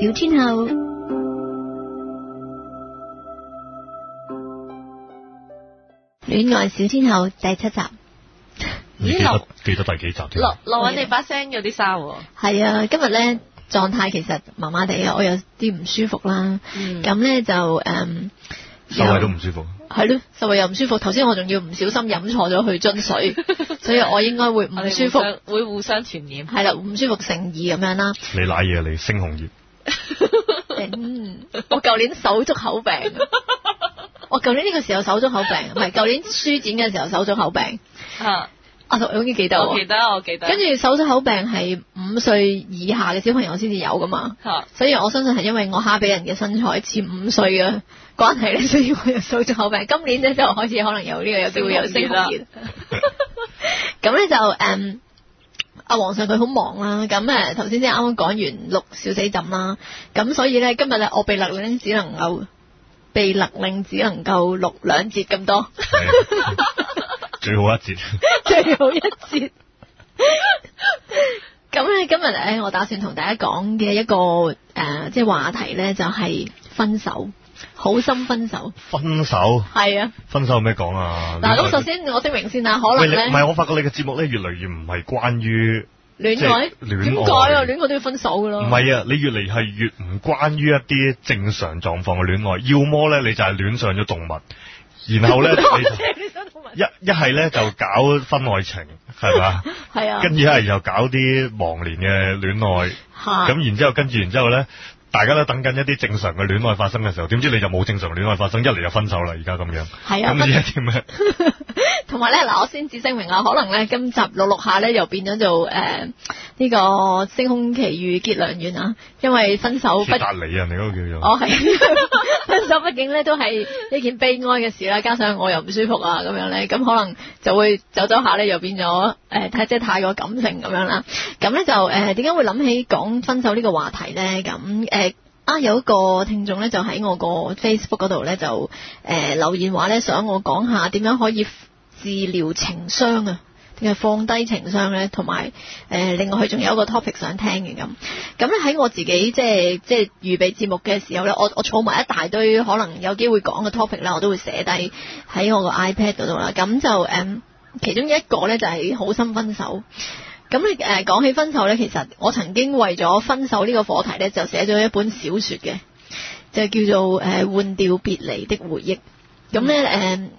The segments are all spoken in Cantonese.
小天后，戀愛小天后第七集。咦？你記得第幾集啫？落落你把聲有啲沙。係 啊，今日咧狀態其實麻麻地啊，我有啲唔舒服啦。咁咧、嗯、就誒、um,，秀慧都唔舒服。係咯，秀慧又唔舒服。頭先我仲要唔小心飲錯咗去樽水，所以我應該會唔舒服，會互相傳染。係啦、啊，唔舒服乘二咁樣啦。你瀨嘢嚟，猩紅葉。嗯，我舊年手足口病，我舊年呢個時候手足口病，唔係舊年書展嘅時候手足口病。啊，我仲永遠記得，我記得我記得。跟住手足口病係五歲以下嘅小朋友先至有噶嘛。啊、所以我相信係因為我蝦畀人嘅身材似五歲嘅關係咧，所以我有手足口病。今年咧就開始可能有呢個有機會有升。咁咧 就誒。Um, 阿皇上佢好忙啦，咁誒，頭先先啱啱講完六小死枕啦，咁所以咧今日咧我被勒令只能夠被勒令只能夠錄兩節咁多，最後一節，最後一節。咁咧今日咧我打算同大家講嘅一個誒、呃、即係話題咧就係、是、分手。好心分手，分手係啊，分手有咩講啊？嗱，咁首先我聲明先啊，可能唔係，我發覺你嘅節目咧，越嚟越唔係關於戀愛，戀愛啊，戀愛都要分手噶咯。唔係啊，你越嚟係越唔關於一啲正常狀況嘅戀愛，要麼咧你就係戀上咗動物，然後咧一一係咧就搞婚外情，係嘛？係啊，跟住一係又搞啲忘年嘅戀愛，咁然之後跟住，然之後咧。大家都等緊一啲正常嘅戀愛發生嘅時候，點知你就冇正常戀愛發生，一嚟就分手啦！而家咁樣，係啊，唔知係啲咩？同埋咧，嗱，我先至聲明啊，可能咧今集錄錄下咧，又變咗做誒、呃呢、這個星空奇遇結良緣啊，因為分手不達理啊，你嗰個叫做 ，分手，畢竟呢都係一件悲哀嘅事啦。加上我又唔舒服啊，咁樣呢，咁可能就會走走下呢，又變咗誒、呃，即係太過感性咁樣啦。咁呢就誒，點、呃、解會諗起講分手呢個話題呢？咁誒、呃、啊，有一個聽眾呢就喺我個 Facebook 嗰度呢，就誒、呃、留言話呢，想我講下點樣可以治療情傷啊！放低情商咧，同埋誒，另外佢仲有一個 topic 想聽嘅咁咁咧喺我自己即係即係預備節目嘅時候咧，我我儲埋一大堆可能有機會講嘅 topic 啦，我都會寫低喺我個 iPad 度啦。咁就誒、嗯，其中一個咧就係好心分手。咁你誒，講起分手咧，其實我曾經為咗分手呢個課題咧，就寫咗一本小說嘅，就叫做誒《換掉別離的回憶》。咁咧誒。嗯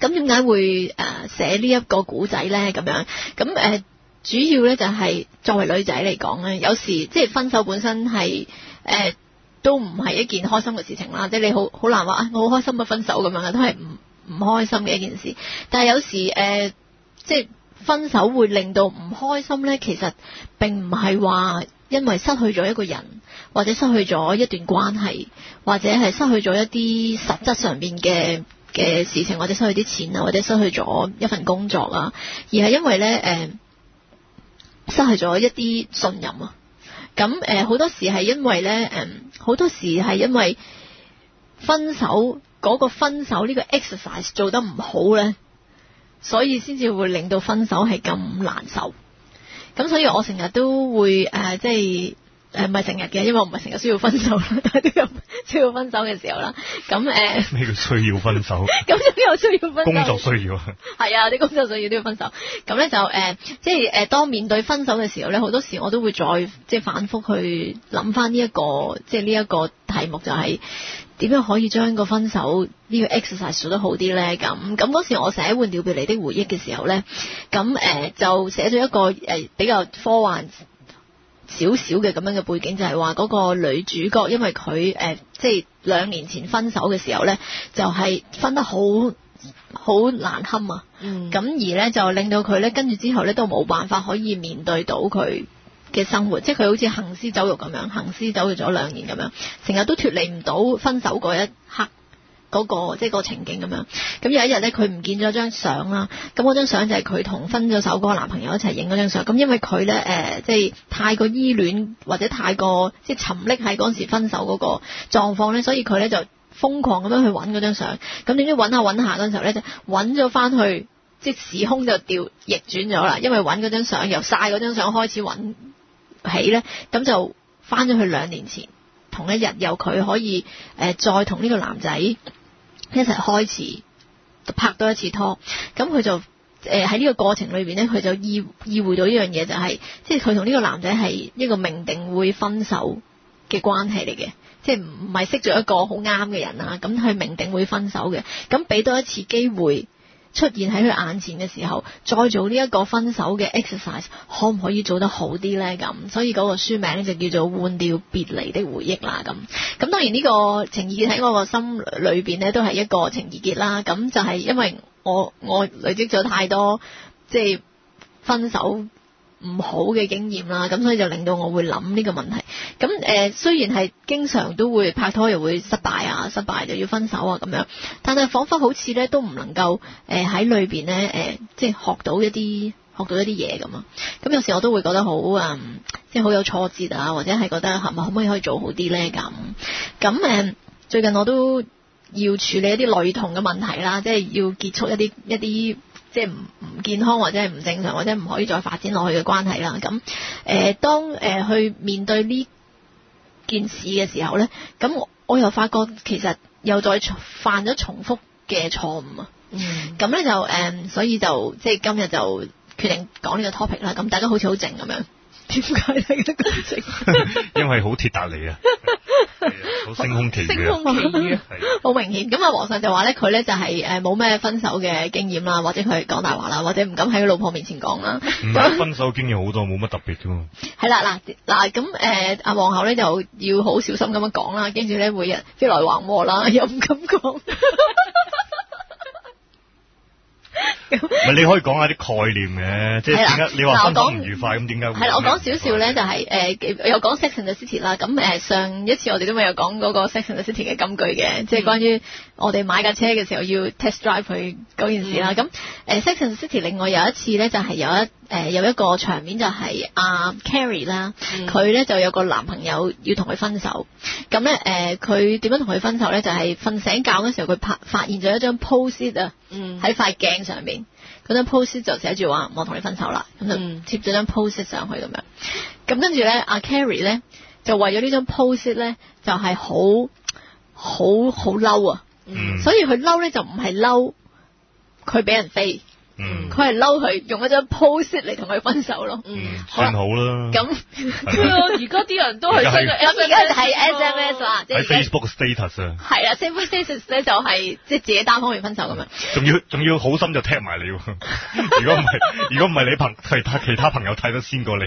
咁點解會誒寫呢一個古仔呢？咁樣咁誒、呃，主要呢就係、是、作為女仔嚟講呢，有時即係分手本身係誒、呃、都唔係一件開心嘅事情啦。即係你好好難話、啊、我好開心嘅分手咁樣嘅，都係唔唔開心嘅一件事。但係有時誒、呃，即係分手會令到唔開心呢，其實並唔係話因為失去咗一個人，或者失去咗一段關係，或者係失去咗一啲實質上面嘅。嘅事情，或者失去啲錢啊，或者失去咗一份工作啊，而係因為咧，誒、呃，失去咗一啲信任啊。咁誒，好多時係因為咧，誒、呃，好多時係因為分手，嗰個分手呢個 exercise 做得唔好咧，所以先至會令到分手係咁難受。咁所以我成日都會誒、呃，即係。誒，唔係成日嘅，因為我唔係成日需要分手，但係都有、呃、有需要分手嘅時候啦。咁誒，咩叫需要分手？咁又需要分手？工作需要啊。係啊，啲工作需要都要分手。咁咧就誒、呃，即係誒、呃，當面對分手嘅時候咧，好多時我都會再即係反復去諗翻呢一個，即係呢一個題目就係、是、點樣可以將個分手呢個 exercise 做得好啲咧？咁咁嗰時我寫換掉別離的回憶嘅時候咧，咁誒、呃、就寫咗一個誒比較科幻。少少嘅咁樣嘅背景就係話，嗰個女主角，因為佢誒、呃，即係兩年前分手嘅時候呢，就係、是、分得好好難堪啊。咁、嗯、而呢，就令到佢呢跟住之後呢，都冇辦法可以面對到佢嘅生活，即係佢好似行屍走肉咁樣，行屍走肉咗兩年咁樣，成日都脫離唔到分手嗰一刻。嗰個即係個情景咁樣，咁有一日咧，佢唔見咗張相啦。咁嗰張相就係佢同分咗手嗰個男朋友一齊影嗰張相。咁因為佢咧誒，即係太過依戀或者太過即係沉溺喺嗰時分手嗰個狀況咧，所以佢咧就瘋狂咁樣去揾嗰張相。咁點知揾下揾下嗰陣時候咧，就揾咗翻去，即係時空就掉逆轉咗啦。因為揾嗰張相，由晒嗰張相開始揾起咧，咁就翻咗去兩年前同一日，由佢可以誒再同呢個男仔，一齊開始拍多一次拖，咁佢就誒喺呢個過程裏邊咧，佢就意意會到呢樣嘢，就係即係佢同呢個男仔係一個命定會分手嘅關係嚟嘅，即係唔係識咗一個好啱嘅人啦，咁佢命定會分手嘅，咁俾多一次機會。出現喺佢眼前嘅時候，再做呢一個分手嘅 exercise，可唔可以做得好啲呢？咁，所以嗰個書名咧就叫做《換掉別離的回憶》啦。咁，咁當然呢個情意結喺我個心裏邊呢，都係一個情意結啦。咁就係因為我我累積咗太多，即係分手。唔好嘅經驗啦，咁所以就令到我會諗呢個問題。咁誒、呃、雖然係經常都會拍拖又會失敗啊，失敗就要分手啊咁樣，但係彷彿好似咧都唔能夠誒喺裏邊咧誒，即係學到一啲學到一啲嘢咁啊。咁有時我都會覺得好啊、嗯，即係好有挫折啊，或者係覺得係咪可唔可以可以做好啲咧咁？咁誒、呃、最近我都要處理一啲類同嘅問題啦，即係要結束一啲一啲。即係唔唔健康或者係唔正常或者唔可以再發展落去嘅關係啦。咁誒、呃，當誒、呃、去面對呢件事嘅時候咧，咁我我又發覺其實又再犯咗重複嘅錯誤啊。嗯。咁咧就誒，所以就即係今日就決定講呢個 topic 啦。咁大家好似好靜咁樣。點解係得咁色？為 因為好鐵達嚟啊！好星空奇遇啊！星空奇遇啊！好明顯咁啊！皇上就話咧，佢咧就係誒冇咩分手嘅經驗啦，或者佢講大話啦，或者唔敢喺佢老婆面前講啦。唔分手經驗好多，冇乜特別噶嘛。係啦 ，嗱嗱咁誒，阿、呃、皇后咧就要好小心咁樣講啦，跟住咧每日飛來橫禍啦，又唔敢講。唔係 你可以講下啲概念嘅，即係點解你話分唔愉快咁點解？係我講少少咧，就係誒又講 City,《Sex and the City》啦。咁誒上一次我哋都未有講嗰個《Sex and the City》嘅金句嘅，即係關於我哋買架車嘅時候要 test drive 佢嗰件事啦。咁誒、嗯《Sex and the City》另外有一次咧，就係有一誒有一個場面就係、是、阿、啊、Carrie 啦，佢咧、嗯、就有個男朋友要同佢分手。咁咧誒佢點樣同佢分手咧？就係、是、瞓醒覺嘅時候，佢拍發現咗一張 post 啊，喺塊鏡上面。嗯嗰張 post 就寫住話我同你分手啦，咁、嗯、就貼咗張 post 上去咁樣，咁跟住咧阿 Carrie 咧就為咗呢張 post 咧就係好好好嬲啊，嗯、所以佢嬲咧就唔係嬲佢俾人飛。佢係嬲佢用一張 post 嚟同佢分手咯，嗯，算好啦。咁，而家啲人都係 send，而家就係 sms 啊，即係 facebook status 啊。係啊 facebook status 咧就係即係自己單方面分手咁樣。仲要仲要好心就踢埋你，如果唔係如果唔係你朋其他其他朋友睇得先過你。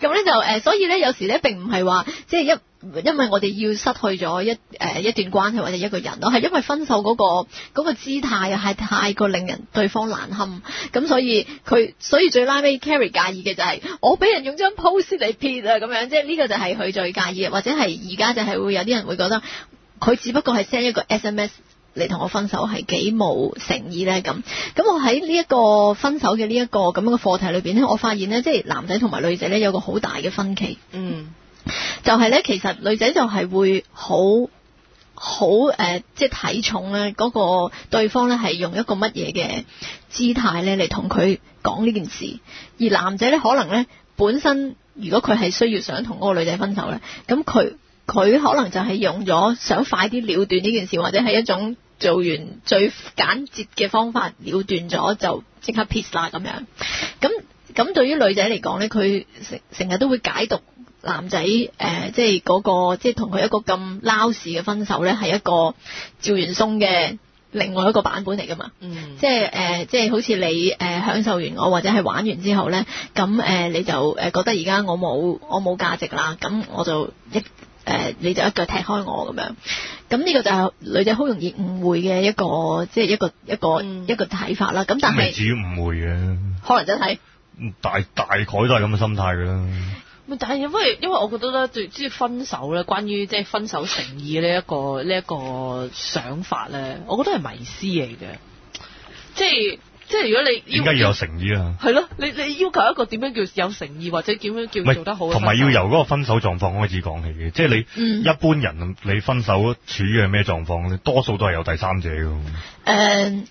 咁咧就誒，所以咧有時咧並唔係話即係一，因為我哋要失去咗一誒、呃、一段關係或者一個人咯，係因為分手嗰、嗰個、嗰個姿態係太過令人對方難堪，咁、嗯、所以佢所以最拉尾 carry 介意嘅就係、是、我俾人用張 post 嚟撇啊咁樣，即係呢個就係佢最介意，嘅，或者係而家就係會有啲人會覺得佢只不過係 send 一個 SMS。嚟同我分手係幾冇誠意呢？咁咁我喺呢一個分手嘅呢一個咁樣嘅課題裏邊呢，我發現呢，即係男仔同埋女仔呢，有個好大嘅分歧。嗯，就係呢，其實女仔就係會好好誒，即係睇重呢嗰個對方呢，係用一個乜嘢嘅姿態呢嚟同佢講呢件事，而男仔呢，可能呢本身如果佢係需要想同嗰個女仔分手呢，咁佢佢可能就係用咗想快啲了斷呢件事，或者係一種。做完最簡捷嘅方法了斷咗，就即刻 peace 啦咁樣。咁咁對於女仔嚟講呢，佢成成日都會解讀男仔誒、呃，即係嗰、那個即係同佢一個咁撈事嘅分手呢，係一個趙元松嘅另外一個版本嚟㗎嘛。嗯、即係誒、呃，即係好似你誒、呃、享受完我或者係玩完之後呢，咁、呃、誒你就誒覺得而家我冇我冇價值啦，咁我就一。誒，你就一腳踢開我咁樣，咁呢個就係女仔好容易誤會嘅一個，即係一個一個一個睇、嗯、法啦。咁但係未至於誤會嘅，可能真係大大概都係咁嘅心態噶啦。但係因為因為我覺得咧，對即係分手咧，關於即係分手誠意呢一個呢一個想法咧，我覺得係迷思嚟嘅，即係。即係如果你依家要有誠意啊，係咯，你你要求一個點樣叫有誠意，或者點樣叫做得好，同埋要由嗰個分手狀況開始講起嘅，即係你、嗯、一般人你分手處於係咩狀況咧？多數都係有第三者㗎。誒、嗯，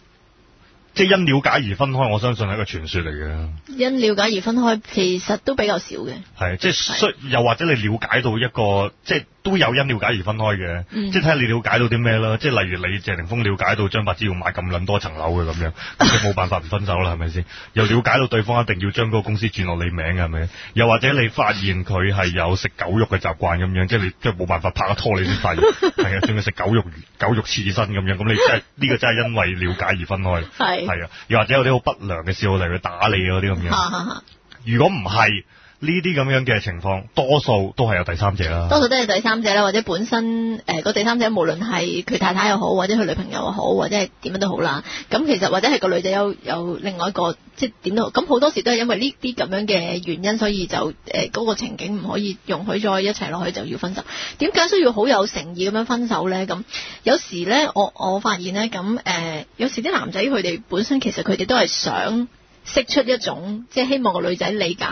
即係因了解而分開，我相信係一個傳説嚟嘅。因了解而分開，其實都比較少嘅。係，即係需又或者你了解到一個即係。都有因了解而分開嘅，嗯、即係睇下你了解到啲咩啦。即係例如你謝霆鋒了解到張柏芝要買咁撚多層樓嘅咁樣，咁佢冇辦法唔分手啦，係咪先？又了解到對方一定要將嗰個公司轉落你名嘅係咪？又或者你發現佢係有食狗肉嘅習慣咁樣，即係你即係冇辦法拍拖你先發現，係啊，算佢食狗肉、狗肉刺身咁樣，咁你真係呢、呢個真係因為了解而分開。係係 啊，又或者有啲好不良嘅事嚟去打你嗰啲咁樣。如果唔係。呢啲咁樣嘅情況，多數都係有第三者啦。多數都係第三者啦，或者本身誒個、呃、第三者，無論係佢太太又好，或者佢女朋友又好，或者係點樣都好啦。咁其實或者係個女仔有有另外一個，即係點都咁好多時都係因為呢啲咁樣嘅原因，所以就誒嗰、呃那個情景唔可以容許再一齊落去，就要分手。點解需要好有誠意咁樣分手呢？咁有時呢，我我發現呢，咁誒、呃、有時啲男仔佢哋本身其實佢哋都係想。釋出一種，即係希望個女仔理解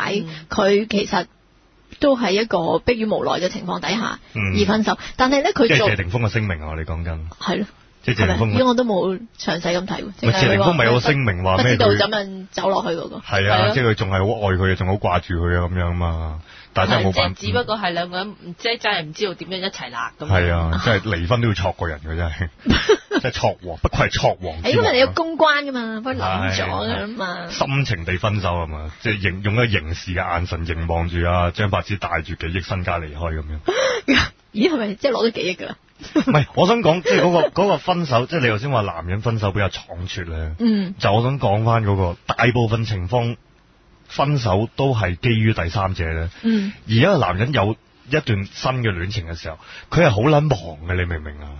佢、嗯、其實都係一個迫於無奈嘅情況底下而分手，嗯、但係咧佢即係謝霆鋒嘅聲明啊！你講緊係咯，即係謝霆鋒嘅。因為我都冇詳細咁睇。謝霆鋒咪有聲明話咩？一路咁樣走落去嗰、那個係啊，即係佢仲係好愛佢，仲好掛住佢啊咁樣嘛。係，即係只不過係兩個人，嗯、即係真係唔知道點樣一齊啦。咁係啊，即係離婚都要挫個人嘅，真係，即係挫王，不愧係挫王，王。因為你有公關噶嘛，不然變咗啊嘛、啊啊。深情地分手啊嘛，即係凝用一個刑事嘅眼神凝望住啊。張柏芝帶住幾億身家離開咁樣。咦？係咪即係攞咗幾億噶啦？唔 係，我想講即係、嗰、嗰個、嗰個分手，即係你頭先話男人分手比較倉促咧。嗯，就我想講翻嗰個大部分情況。分手都係基於第三者咧，嗯、而一個男人有一段新嘅戀情嘅時候，佢係好撚忙嘅，你明唔明啊？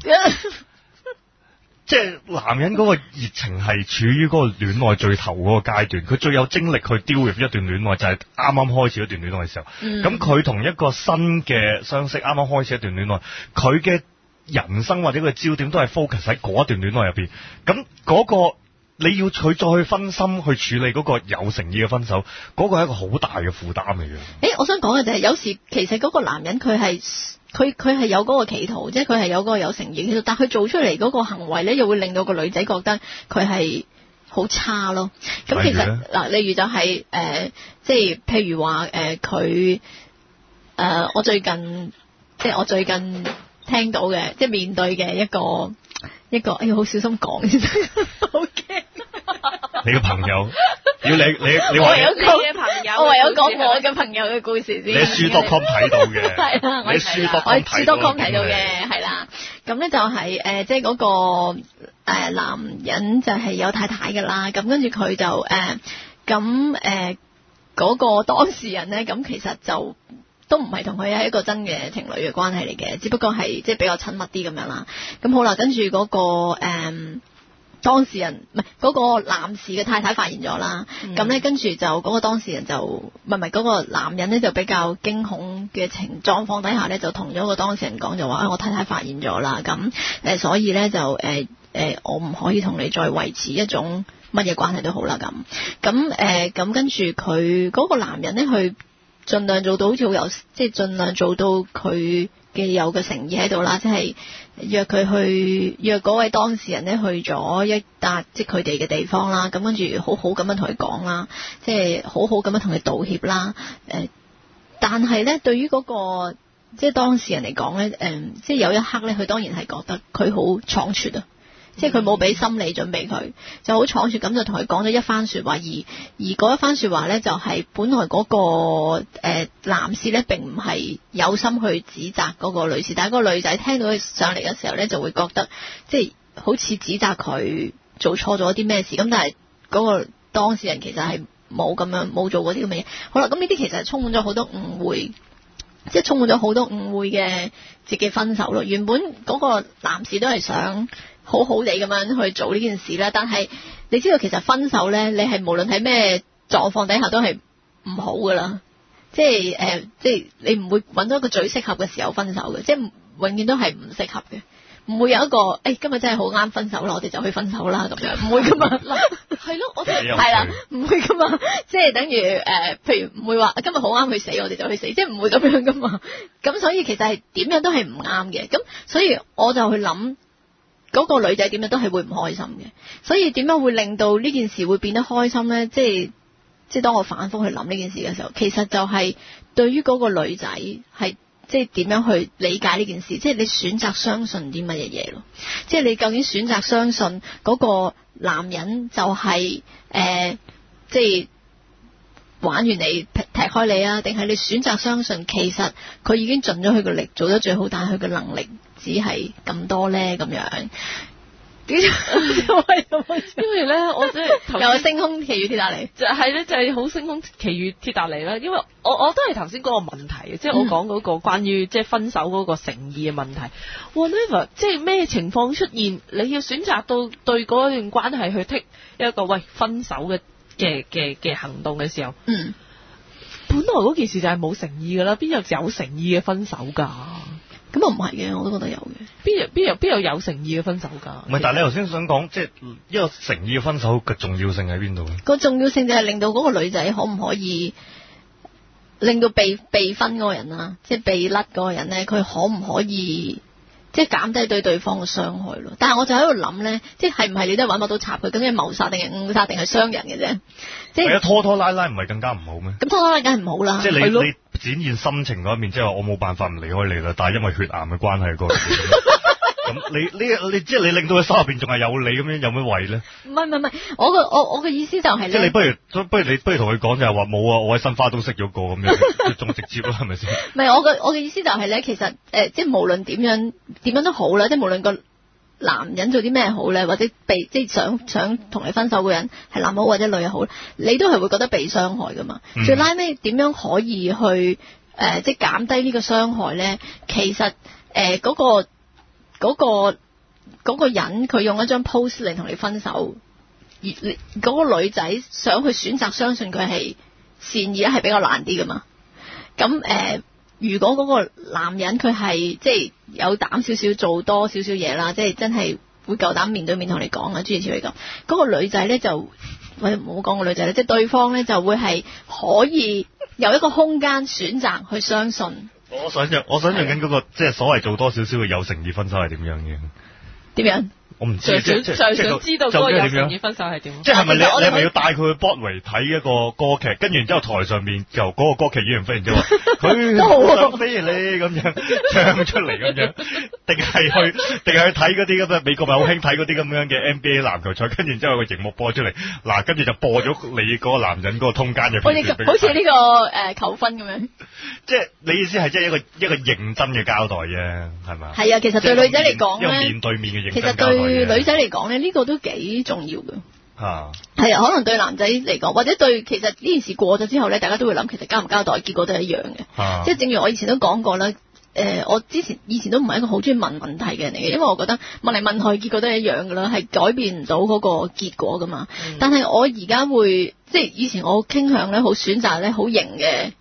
即係 男人嗰個熱情係處於嗰個戀愛最頭嗰個階段，佢最有精力去投入一段戀愛就係啱啱開始一段戀愛嘅時候。咁佢同一個新嘅相識啱啱開始一段戀愛，佢嘅人生或者個焦點都係 focus 喺嗰一段戀愛入邊。咁嗰、嗰個。你要佢再去分心去處理嗰個有誠意嘅分手，嗰個係一個好大嘅負擔嚟嘅。誒，我想講嘅就係有時其實嗰個男人佢係佢佢係有嗰個企圖，即係佢係有嗰個有誠意，但係佢做出嚟嗰個行為咧，又會令到個女仔覺得佢係好差咯。咁其實嗱，例如就係誒，即係譬如話誒，佢誒，我最近即係我最近聽到嘅，即係面對嘅一個一個，哎呀，好小心講先。你嘅朋友，要你你你話有自己嘅朋友，我唯有講 我嘅朋友嘅故事先。你喺書多 com 睇到嘅，係我喺書多 com 睇到嘅，係啦。咁咧 就係、是、誒、呃，即係嗰、那個誒、呃、男人就係有太太噶啦。咁跟住佢就誒咁誒嗰個當事人咧，咁其實就都唔係同佢係一個真嘅情侶嘅關係嚟嘅，只不過係即係比較親密啲咁樣啦。咁好啦，跟住嗰個誒。呃嗯當事人唔係嗰個男士嘅太太發現咗啦，咁咧、嗯、跟住就嗰、那個當事人就唔係唔係嗰個男人咧，就比較驚恐嘅情狀況底下咧，就同咗個當事人講就話啊、哎、我太太發現咗啦，咁誒、呃、所以咧就誒誒、呃呃、我唔可以同你再維持一種乜嘢關係都好啦咁，咁誒咁跟住佢嗰個男人咧，佢盡量做到好似好有即係盡量做到佢嘅有嘅誠意喺度啦，嗯、即係。約佢去，約嗰位當事人咧去咗一笪即係佢哋嘅地方啦，咁跟住好好咁樣同佢講啦，即、就、係、是、好好咁樣同佢道歉啦，誒、呃，但係咧對於嗰、那個即係、就是、當事人嚟講咧，誒、呃，即、就、係、是、有一刻咧，佢當然係覺得佢好倉促啊。即係佢冇俾心理準備，佢就好倉促咁就同佢講咗一番說話，而而嗰一番說話呢，就係、是、本來嗰個誒男士呢並唔係有心去指責嗰個女士，但係嗰個女仔聽到佢上嚟嘅時候呢，就會覺得即係、就是、好似指責佢做錯咗啲咩事。咁但係嗰個當事人其實係冇咁樣冇做過啲咁嘅嘢。好啦，咁呢啲其實充滿咗好多誤會，即係充滿咗好多誤會嘅自己分手咯。原本嗰個男士都係想。好好地咁樣去做呢件事啦，但係你知道其實分手咧，你係無論喺咩狀況底下都係唔好噶啦，即係誒、呃，即係你唔會揾到一個最適合嘅時候分手嘅，即係永遠都係唔適合嘅，唔會有一個誒、欸、今日真係好啱分手咯，我哋就去分手啦咁樣，唔會噶嘛，係 咯，我係啦，唔會噶嘛，即係等於誒、呃，譬如唔會話今日好啱去死，我哋就去死，即係唔會咁樣噶嘛，咁所以其實係點樣都係唔啱嘅，咁所以我就去諗。嗰個女仔點樣都係會唔開心嘅，所以點樣會令到呢件事會變得開心呢？即係即係當我反復去諗呢件事嘅時候，其實就係對於嗰個女仔係即係點樣去理解呢件事，即係你選擇相信啲乜嘢嘢咯？即係你究竟選擇相信嗰個男人就係、是、誒、呃、即係玩完你踢踢開你啊，定係你選擇相信其實佢已經盡咗佢嘅力，做得最好，但係佢嘅能力。只係咁多咧，咁樣點？因為咧，我真係又係星空奇遇鐵達尼，就係咧，就係好星空奇遇鐵達尼啦。因為我我都係頭先嗰個問題，即係我講嗰個關於即係分手嗰個誠意嘅問題。Whatever，即係咩情況出現，你要選擇到對嗰段關係去剔一個喂分手嘅嘅嘅嘅行動嘅時候，嗯，本來嗰件事就係冇誠意噶啦，邊有有誠意嘅分手噶？咁我唔係嘅，我都覺得有嘅。邊有邊有邊有有誠意嘅分手㗎？唔係，但係你頭先想講，即係一個誠意嘅分手嘅重要性喺邊度？個重要性就係令到嗰個女仔可唔可以令到被被分嗰個人啊，即係被甩嗰個人咧、啊，佢可唔可以即係減低對對方嘅傷害咯、啊？但係我就喺度諗咧，即係係唔係你都係揾唔到插佢，究竟謀殺定係誤殺定係傷人嘅、啊、啫？即係拖拖拉拉唔係更加唔好咩？咁拖拖拉拉梗係唔好啦，即係你。展現心情嗰一面，即係我冇辦法唔離開你啦，但係因為血癌嘅關係，咁 你呢？你，你，你即係你令到佢心入邊仲係有你咁樣，有咩為咧？唔係唔係唔係，我個我我嘅意思就係，即係你不如不如你不如同佢講就係話冇啊，我喺新花都識咗個咁樣，仲直接啦，係咪先？唔係我嘅我嘅意思就係咧，其實誒、呃，即係無論點樣點樣都好啦，即係無論個。男人做啲咩好呢？或者被即係想想同你分手嘅人係男好或者女又好，你都係會覺得被傷害噶嘛？嗯、最拉尾點樣可以去誒、呃，即係減低呢個傷害呢？其實誒，呃嗰個嗰、嗰個、嗰個嗰個人佢用一張 post 嚟同你分手，而嗰個女仔想去選擇相信佢係善意咧，係比較難啲噶嘛？咁誒。呃如果嗰個男人佢係即係有膽少少做多少少嘢啦，即係真係會夠膽面對面同你講啦，諸如此類咁，嗰個女仔呢就，喂，唔好講個女仔啦，即係對方呢就會係可以有一個空間選擇去相信。我想象我想象緊嗰個即係所謂做多少少嘅有誠意分手係點樣嘅？點樣？我唔知，即即即知道嗰個人要分手係點？即係咪你你係咪要帶佢去 Broadway 睇一個歌劇？跟住然之後台上面就嗰個歌劇演員忽然之間話，佢都好心俾你咁樣唱出嚟咁樣，定係去定係去睇嗰啲咁，美國咪好興睇嗰啲咁樣嘅 NBA 籃球賽？跟住然之後個熒幕播出嚟嗱，跟住就播咗你嗰個男人嗰個通奸嘅。好似好似呢個誒求婚咁樣。即係你意思係即係一個一個認真嘅交代啫，係嘛？係啊，其實對女仔嚟講咧，因為面對面嘅認真交對女仔嚟講咧，呢、這個都幾重要嘅。啊，係啊，可能對男仔嚟講，或者對其實呢件事過咗之後咧，大家都會諗，其實交唔交代，結果都一樣嘅。啊、即係正如我以前都講過啦。誒、呃，我之前以前都唔係一個好中意問問題嘅人嚟嘅，因為我覺得問嚟問去，結果都係一樣噶啦，係改變唔到嗰個結果噶嘛。嗯、但係我而家會，即係以前我傾向咧，好選擇咧，好型嘅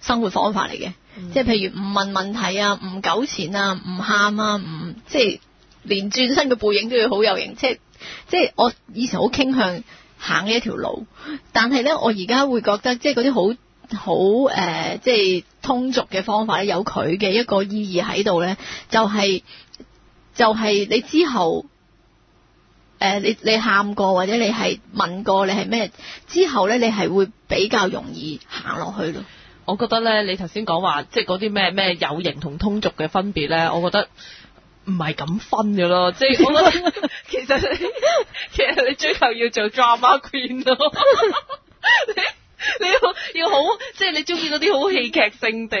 生活方法嚟嘅。嗯、即係譬如唔問問題啊，唔糾纏啊，唔喊啊，唔即係。連轉身嘅背影都要好有型，即係即係我以前好傾向行呢一條路，但係呢，我而家會覺得即、呃，即係嗰啲好好誒，即係通俗嘅方法咧，有佢嘅一個意義喺度呢就係、是、就係、是、你之後誒、呃，你你喊過或者你係問過你係咩之後呢？你係會比較容易行落去咯。我覺得呢，你頭先講話即係嗰啲咩咩有型同通俗嘅分別呢，我覺得。唔係咁分嘅咯，即係我覺得 其實其實你最後要做 drama queen 咯 ，你你要，要好，即係你中意嗰啲好戲劇性地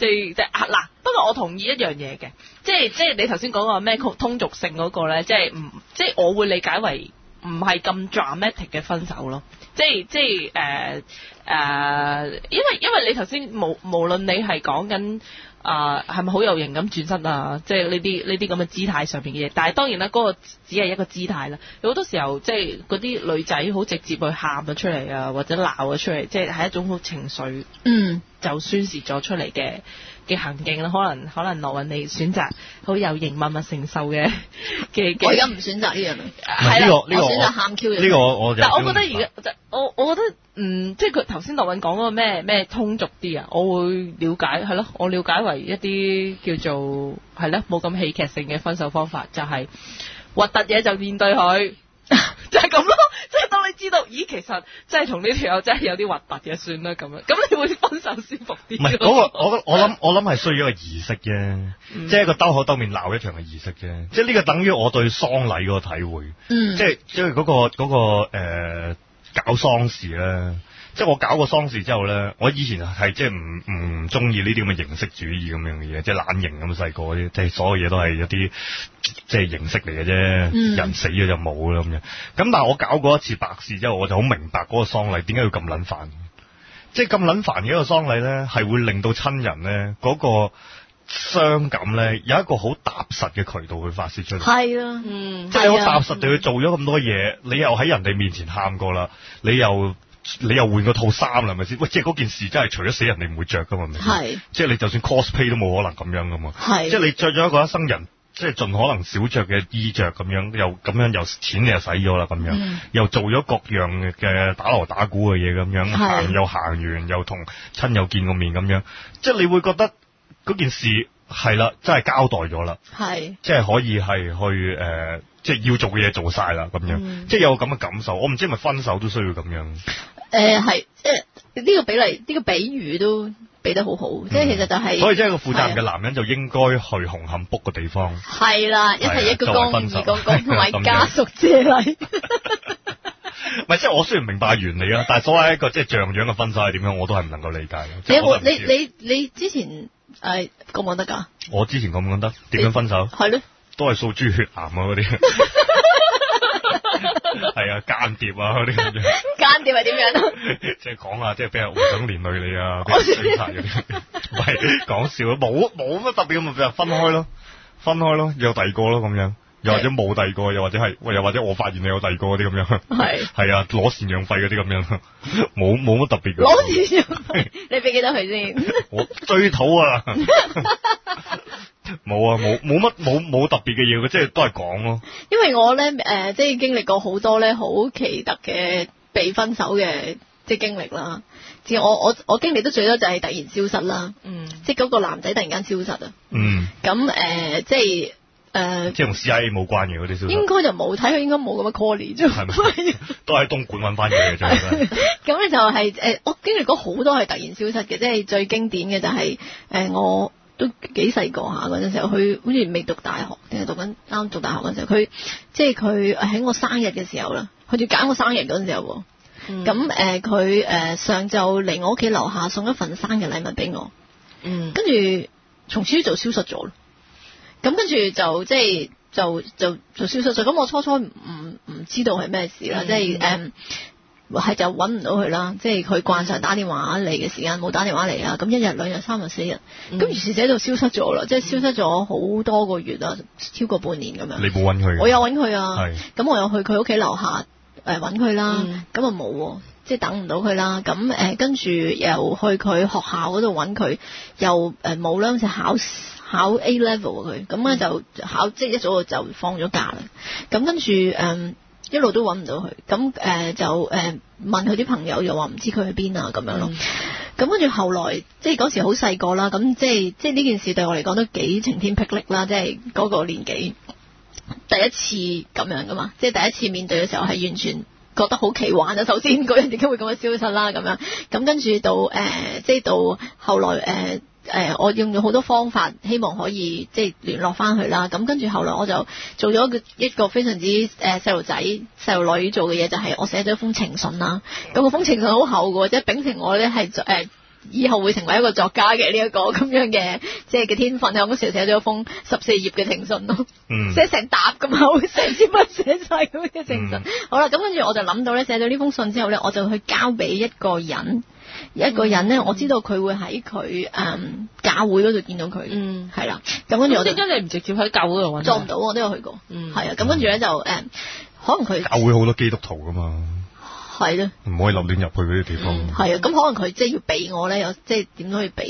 地即係啊嗱，不過我同意一樣嘢嘅，即係即係你頭先講個咩通俗性嗰個咧，即係唔即係我會理解為唔係咁 dramatic 嘅分手咯，即係即係誒誒，因為因為你頭先無無論你係講緊。啊，係咪好有型咁轉身啊？即係呢啲呢啲咁嘅姿態上邊嘅嘢。但係當然啦，嗰個只係一個姿態啦。有好多時候，即係嗰啲女仔好直接去喊咗出嚟啊，或者鬧咗出嚟，即係係一種好情緒，嗯，就宣泄咗出嚟嘅。嘅行徑啦，可能可能諾韻你選擇好有型、默默承受嘅嘅，我而家唔選擇呢樣，係呢個呢個選擇喊 Q 嘅呢個我個我就，但我覺得而家就我我覺得嗯，即係佢頭先諾韻講嗰個咩咩通俗啲啊，我會了解係咯，我了解為一啲叫做係咧冇咁喜劇性嘅分手方法，就係核突嘢就面對佢。就係咁咯，即係當你知道，咦，其實即係同呢條友真係有啲核突嘅，算啦咁樣，咁你會分手舒服啲。唔係，嗰個，我我諗我諗係需要一個儀式啫，嗯、即係一個兜口兜面鬧一場嘅儀式啫。即係呢個等於我對喪禮個體會，嗯、即係因為嗰個，嗰個誒、呃、搞喪事咧。即係我搞過喪事之後咧，我以前係即係唔唔中意呢啲咁嘅形式主義咁樣嘅嘢，即係懶型咁細個嗰啲，即係所有嘢都係一啲即係形式嚟嘅啫。嗯、人死咗就冇啦咁樣。咁但係我搞過一次白事之後，我就好明白嗰個喪禮點解要咁撚煩。即係咁撚煩嘅一個喪禮咧，係會令到親人咧嗰、那個傷感咧有一個好踏實嘅渠道去發洩出嚟。係啦、嗯，即係好踏實地去做咗咁多嘢、嗯，你又喺人哋面前喊過啦，你又。你又換個套衫啦，係咪先？喂，即係嗰件事真係除咗死人，你唔會着噶嘛？係咪，即係你就算 cosplay 都冇可能咁樣噶嘛。係，即係你着咗一個一生人，即係盡可能少着嘅衣着咁樣，又咁樣又錢你又使咗啦咁樣，嗯、又做咗各樣嘅打鑼打鼓嘅嘢咁樣行，又行完又同親友見個面咁樣，即係你會覺得嗰件事。係啦，真係交代咗啦，係即係可以係去誒，即係要做嘅嘢做晒啦，咁樣即係有咁嘅感受。我唔知係咪分手都需要咁樣。誒，係即係呢個比例，呢個比喻都畀得好好。即係其實就係，所以即係個負責任嘅男人就應該去紅磡 book 個地方。係啦，一係一個公二公公同埋家屬謝禮。唔係，即係我雖然明白原理啊，但係所謂一個即係像樣嘅分手係點樣，我都係唔能夠理解。你我你你你之前。誒，講唔講得噶？可可我之前講唔講得？點樣分手？係咯，都係掃豬血癌啊嗰啲，係 啊，間諜啊嗰啲咁樣、啊。間諜係點樣？即係講下，即係俾人想連累你啊！唔係講笑、啊，冇冇乜特別咁咪俾人分開咯，分開咯，要有第二個咯咁樣。又或者冇第二個，又或者係喂，又或者我發現你有第二個嗰啲咁樣，係係 啊，攞贍養費嗰啲咁樣，冇冇乜特別嘅。攞贍養費，你俾幾多佢先？我追討啊！冇 啊，冇冇乜冇冇特別嘅嘢嘅，即係都係講咯。因為我咧誒、呃，即係經歷過好多咧，好奇特嘅被分手嘅即係經歷啦。即係我我我經歷都最多就係突然消失啦。嗯。即係嗰個男仔突然間消失啊。嗯。咁誒，即係。誒，嗯、即係同 CIA 冇關嘅嗰啲消息，應該就冇睇佢，應該冇咁嘅 call 嚟啫，都喺東莞揾翻嘢嘅啫。咁咧 就係、是、誒，我經歷過好多係突然消失嘅，即係最經典嘅就係、是、誒，我都幾細個吓嗰陣時候，佢好似未讀大學定係讀緊啱讀大學嗰陣時候，佢即係佢喺我生日嘅時候啦，佢就揀我生日嗰陣時候，咁誒佢誒上晝嚟我屋企樓下送一份生日禮物俾我，跟住從此就消失咗。咁跟住就即係就就就消失咗，咁我初初唔唔知道係咩事啦、嗯 um,，即係誒係就揾唔到佢啦，即係佢慣常打電話嚟嘅時間冇打電話嚟啊，咁一日兩日三日四日，咁、嗯、於是者就消失咗啦，即係、嗯、消失咗好多個月啊，超過半年咁樣。你冇揾佢？我有揾佢啊，咁我去、嗯就是、又去佢屋企樓下誒揾佢啦，咁啊冇，即係等唔到佢啦。咁誒跟住又去佢學校嗰度揾佢，又誒冇啦，好似考試。考考考考 A level 佢，咁咧就考即係一早就放咗假啦。咁跟住誒、嗯、一路都揾唔到佢，咁、嗯、誒就誒問佢啲朋友，又話唔知佢去邊啊咁樣咯。咁跟住後來即係嗰時好細個啦，咁即係即係呢件事對我嚟講都幾晴天霹靂啦。即係嗰個年紀第一次咁樣噶嘛，即係第一次面對嘅時候係完全覺得好奇幻啊。首先嗰人點解會咁樣消失啦？咁樣咁跟住到誒、呃、即係到後來誒。呃誒，我用咗好多方法，希望可以即係聯絡翻佢啦。咁跟住後來我就做咗一個一個非常之誒細路仔細路女做嘅嘢，就係、係、我寫咗封情信啦。咁、個封情信好厚嘅，即係秉承我咧係誒以後會成為一個作家嘅呢一個咁樣嘅即係嘅天分。我嗰時寫咗一封十四頁嘅情信咯，寫成沓咁啊，好成支筆寫晒咁嘅情信。好啦，咁跟住我就諗到咧，寫咗呢封信之後咧，我就去交俾一個人。一個人咧，嗯、我知道佢會喺佢誒教會嗰度見到佢。嗯，係啦。咁跟住我哋，點解你唔直接喺教會度搵？撞唔到，我都有去過。嗯，係啊。咁跟住咧就誒，可能佢教會好多基督徒噶嘛。係咯，唔可以立亂入去嗰啲地方，嗯。係啊，咁可能佢即係要俾我咧，有即係點都可以俾，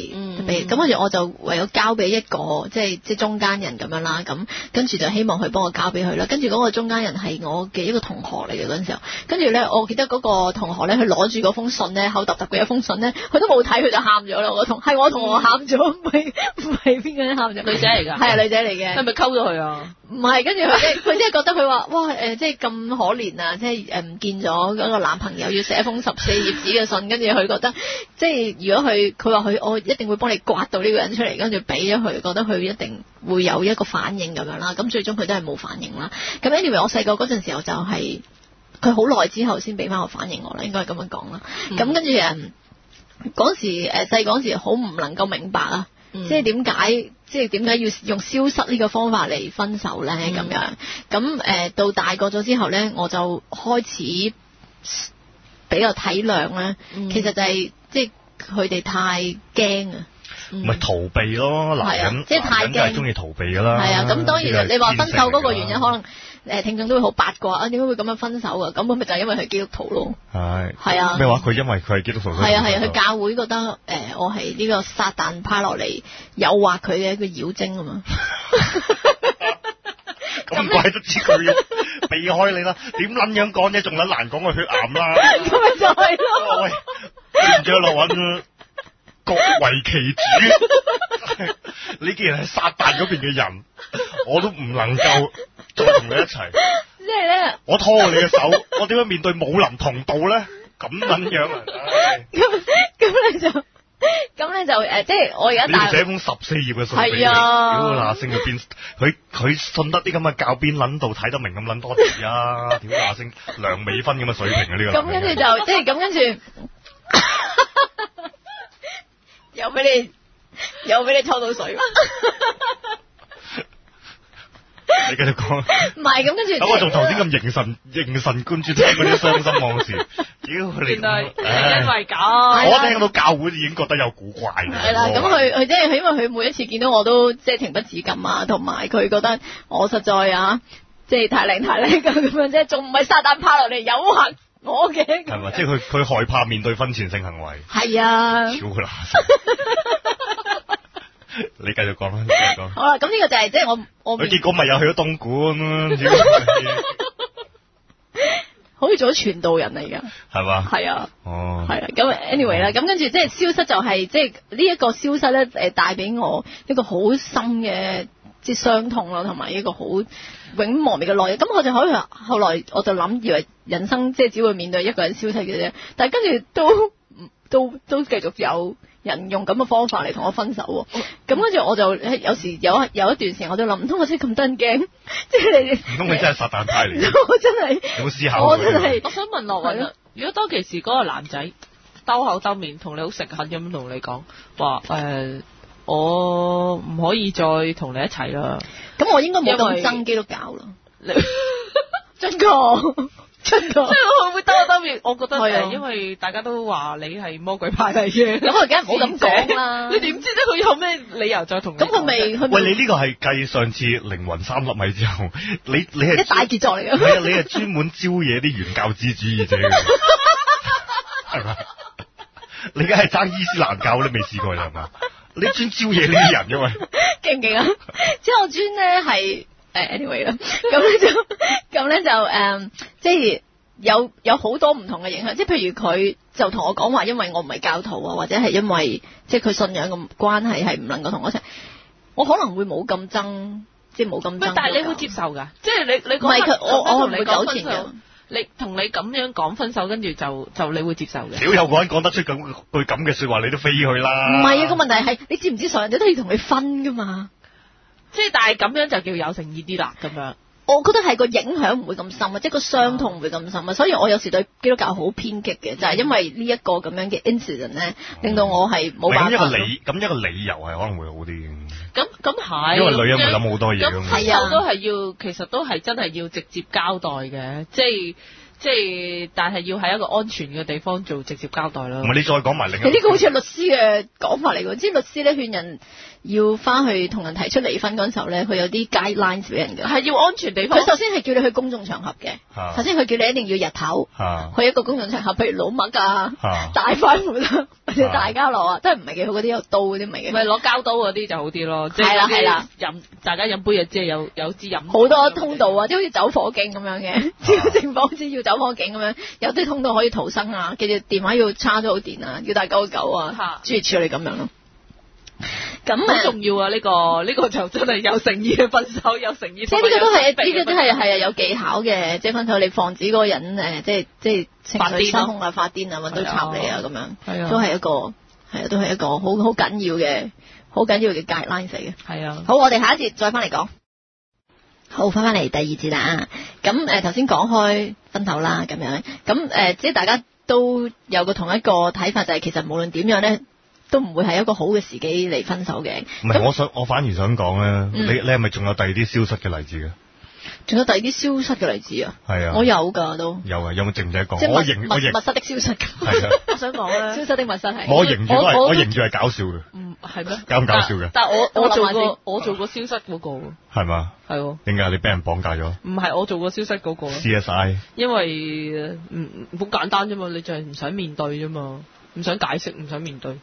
俾、嗯。咁跟住我就唯有交俾一個，即係即係中間人咁樣啦。咁跟住就希望佢幫我交俾佢啦。跟住嗰個中間人係我嘅一個同學嚟嘅嗰陣時候。跟住咧，我記得嗰個同學咧，佢攞住嗰封信咧，厚凸凸嘅一封信咧，佢都冇睇，佢就喊咗咯。我同係、哎、我同學喊咗，唔係唔係邊個咧喊咗？女仔嚟噶，係啊，女仔嚟嘅。係咪溝咗佢啊？唔係，跟住佢，佢即係覺得佢話，哇，誒、呃，即係咁可憐啊，即係誒，唔見咗、這個男。朋友要寫封十四頁紙嘅信，跟住佢覺得，即係如果佢佢話佢，我一定會幫你刮到呢個人出嚟，跟住俾咗佢，覺得佢一定會有一個反應咁樣啦。咁最終佢都係冇反應啦。咁 Anyway 我細個嗰陣時候就係佢好耐之後先俾翻我反應我啦，應該係咁樣講啦。咁跟住嗰陣時誒細個嗰時好唔能夠明白啊、嗯，即係點解即係點解要用消失呢個方法嚟分手呢？咁、嗯、樣？咁誒到大個咗之後呢，我就開始。比較體諒咧，嗯、其實就係即係佢哋太驚啊，唔係逃避咯，男人即係太驚，都係中意逃避噶啦。係啊，咁當然，你話分手嗰個原因，可能誒聽眾都會好八卦啊，點解會咁樣分手噶？咁咪就係因為佢基督徒咯。係。係啊。咩話？佢因為佢係基督徒。係啊係啊，佢教會覺得誒、呃，我係呢個撒旦派落嚟誘惑佢嘅一個妖精啊嘛。咁怪得知佢要避開你啦，點捻樣講嘢仲捻難講個血癌啦，咁咪就係咯。喂、哎，唔着路揾，各為其主。你既然係撒旦嗰邊嘅人，我都唔能夠再同你一齊。即係咧，我拖你嘅手，我點樣面對武林同道咧？咁捻樣啊？咁咁你就。咁咧就誒、呃，即係我而家，你寫封十四頁嘅信俾啊！屌嗱聲嘅變，佢佢信得啲咁嘅教鞭捻道睇得明咁捻多字啊，屌嗱 聲梁美芬咁嘅水平啊，呢個，咁跟住就即係咁跟住，又俾你又俾你抽到水。你繼續講，唔係咁跟住，咁我仲頭先咁凝神凝神關注聽嗰啲傷心往事，屌你，因為教，我聽到教會已經覺得有古怪。係啦，咁佢佢即係因為佢每一次見到我都即係情不自禁啊，同埋佢覺得我實在啊，即係太靚太靚咁咁樣啫，仲唔係撒旦拋落嚟誘惑我嘅？係咪？即係佢佢害怕面對婚前性行為。係啊。屌你。你繼續講啦，續好啦，咁、這、呢個就係即係我我，我結果咪又去咗東莞咯，好似做咗傳道人嚟噶，係嘛，係啊，哦，係啦、啊，咁 anyway 啦、嗯，咁跟住即係消失就係即係呢一個消失咧，誒，帶俾我一個好深嘅即係傷痛咯，同埋一個好永磨滅嘅內疚。咁我就可能後來我就諗以為人生即係只會面對一個人消失嘅啫，但係跟住都都都繼續有。人用咁嘅方法嚟同我分手。哦，咁跟住我就有時有有一段時間我就諗唔通，我即係咁得人驚，即係你唔通你真係撒旦派嚟？我真係有思考？我真係，我，真我想問諾韻，如果當其時嗰個男仔兜口兜面同你好誠懇咁同你講，話誒、呃，我唔可以再同你一齊啦，咁我應該冇好咁憎基督教你，真確。即係佢會唔會兜來兜去？我覺得係啊，<沒有 S 2> 因為大家都話你係魔鬼派嚟嘅。咁我而家唔好咁講啦。你點 知咧？佢有咩理由再同咁？我未去。喂，你呢個係繼上次靈魂三粒米之後，你你係一大傑作嚟嘅、啊。你係專門招惹啲原教旨主義者嘅。係嘛 ？你，你而家係爭伊斯蘭教你未試過啦？係嘛？你專招惹呢啲人，啫嘛？勁唔勁啊？之後專咧係。Anyway 啦，咁咧就咁咧就誒，即係有有好多唔同嘅影響，即係譬如佢就同我講話，因為我唔係教徒啊，或者係因為即係佢信仰嘅關係係唔能夠同我一齊，我可能會冇咁憎，即係冇咁憎。但係你會接受噶？即係你你唔係佢，我我唔會分手。你同你咁樣講分手，跟住就就你會接受嘅？少有嗰人講得出咁佢咁嘅說話，你都飛去啦。唔係啊，個問題係你知唔知上，接人你都要同佢分噶嘛。即係，但係咁樣就叫有誠意啲啦。咁樣，我覺得係個影響唔會咁深啊，嗯、即係個傷痛唔會咁深啊。所以，我有時對基督教好偏激嘅，就係、是、因為這這呢一個咁樣嘅 incident 咧，嗯、令到我係冇辦法。咁一個理，咁一個理由係可能會好啲嘅。咁咁係。因為女人會諗好多嘢。係啊，我都係要，其實都係真係要直接交代嘅，即係。即係，但係要喺一個安全嘅地方做直接交代啦。唔係，你再講埋。你呢個好似係律師嘅講法嚟㗎，即係律師咧勸人要翻去同人提出離婚嗰陣時候咧，佢有啲 guidelines 俾人嘅，係要安全地方。佢首先係叫你去公眾場合嘅。啊、首先佢叫你一定要日頭。啊啊、去一個公眾場合，譬如老麥啊，啊啊大快活、啊。大家攞啊，真係唔係幾好嗰啲有刀嗰啲咪嘅。唔係攞膠刀嗰啲就好啲咯，即係飲，大家飲杯嘢，即係有，有支飲。好多通道啊，即係好似走火警咁樣嘅，消防好似要走火警咁樣，有啲通道可以逃生啊。其實電話要叉咗好電啊，要帶狗狗啊，諸如此類咁樣咯。咁好重要啊！呢 、呢個呢、呢個就真係有誠意嘅分手，有誠意有分手。即係呢個都係，呢個都係係啊，有技巧嘅。即、就、係、是、分手，你防止嗰個人誒，即係即係情緒失控啊、發癲啊、搵到插你啊，咁、啊啊、樣，啊、都係一個係啊，都係一個、啊、好好緊要嘅好緊要嘅 guideline 嚟嘅。係啊，好，我哋下一節再翻嚟講。好，翻翻嚟第二節啦。咁誒，頭先講開分手啦，咁樣。咁誒、呃，即係大家都有個同一個睇法，就係、是、其實無論點樣咧。都唔會係一個好嘅時機嚟分手嘅。唔係，我想我反而想講咧，你你係咪仲有第二啲消失嘅例子嘅？仲有第二啲消失嘅例子啊？係啊，我有噶都有啊，有冇靜仔講？我認我認消失的消失，我想講消失的密室係。我認住我認住係搞笑嘅，係咩咁搞笑嘅？但我我做過我做過消失嗰個，係嘛？係喎，點解你俾人綁架咗？唔係，我做過消失嗰個 CSI。因為好簡單啫嘛，你就係唔想面對啫嘛，唔想解釋，唔想面對。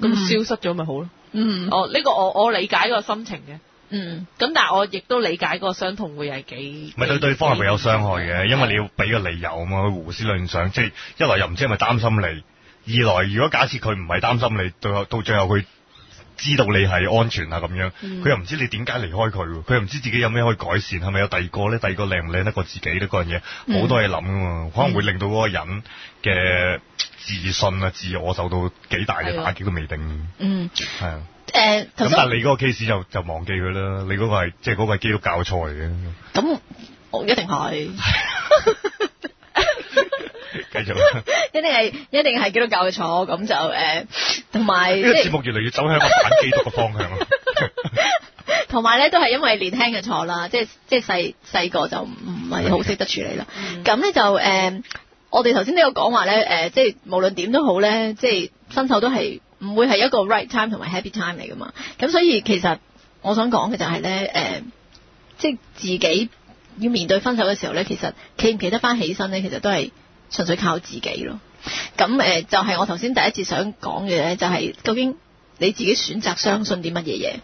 咁、嗯、消失咗咪好咯？嗯，哦，呢、呢個我我理解個心情嘅。嗯，咁但係我亦都理解個傷痛會係幾，唔係對對方係咪有傷害嘅？嗯、因為你要俾個理由啊嘛，去胡思亂想，即係一來又唔知係咪擔心你，二來如果假設佢唔係擔心你，到後到最後佢。知道你係安全啊咁樣，佢、嗯、又唔知你點解離開佢，佢又唔知自己有咩可以改善，係咪有第二個咧？第二個靚唔靚得過自己咧？嗰樣嘢好多嘢諗啊，可能會令到嗰個人嘅自信啊、嗯、自我受到幾大嘅打擊都未定。嗯，係啊。誒、嗯，咁、呃、但係你嗰個 case 就就忘記佢啦。你嗰個係即係嗰個基督教材嚟嘅。咁我一定係。繼續 一，一定係一定係基督教嘅錯。咁就誒，同埋呢個節目越嚟越走向反基督嘅方向，同埋咧，都係因為年輕嘅錯啦，即係即係細細個就唔係好識得處理啦。咁咧就誒、呃，我哋頭先都有講話咧，誒、呃，即係無論點都好咧，即係分手都係唔會係一個 right time 同埋 happy time 嚟噶嘛。咁所以其實我想講嘅就係、是、咧，誒、呃，即係自己要面對分手嘅時候咧，其實企唔企得翻起身咧，其實都係。純粹靠自己咯，咁誒就係我頭先第一次想講嘅咧，就係究竟你自己選擇相信啲乜嘢嘢，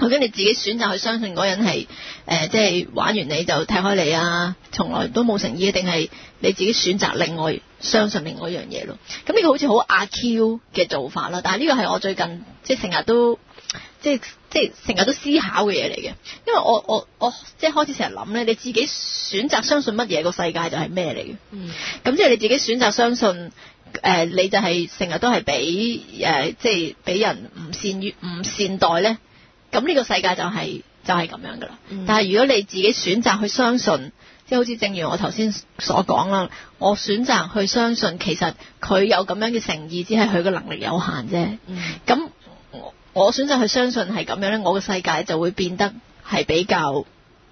究竟你自己選擇去相信嗰個人係誒、呃、即係玩完你就踢開你啊，從來都冇誠意，定係你自己選擇另外相信另外一樣嘢咯？咁呢個好似好阿 Q 嘅做法啦，但係呢個係我最近即係成日都即係。即係成日都思考嘅嘢嚟嘅，因為我我我即係開始成日諗咧，你自己選擇相信乜嘢，個世界就係咩嚟嘅。咁、嗯、即係你自己選擇相信，誒、呃、你就係成日都係俾誒即係俾人唔善遇、唔善待咧。咁呢個世界就係、是、就係、是、咁樣噶啦。嗯、但係如果你自己選擇去相信，即係好似正如我頭先所講啦，我選擇去相信其實佢有咁樣嘅誠意，只係佢嘅能力有限啫。咁、嗯嗯我選擇去相信係咁樣咧，我嘅世界就會變得係比較，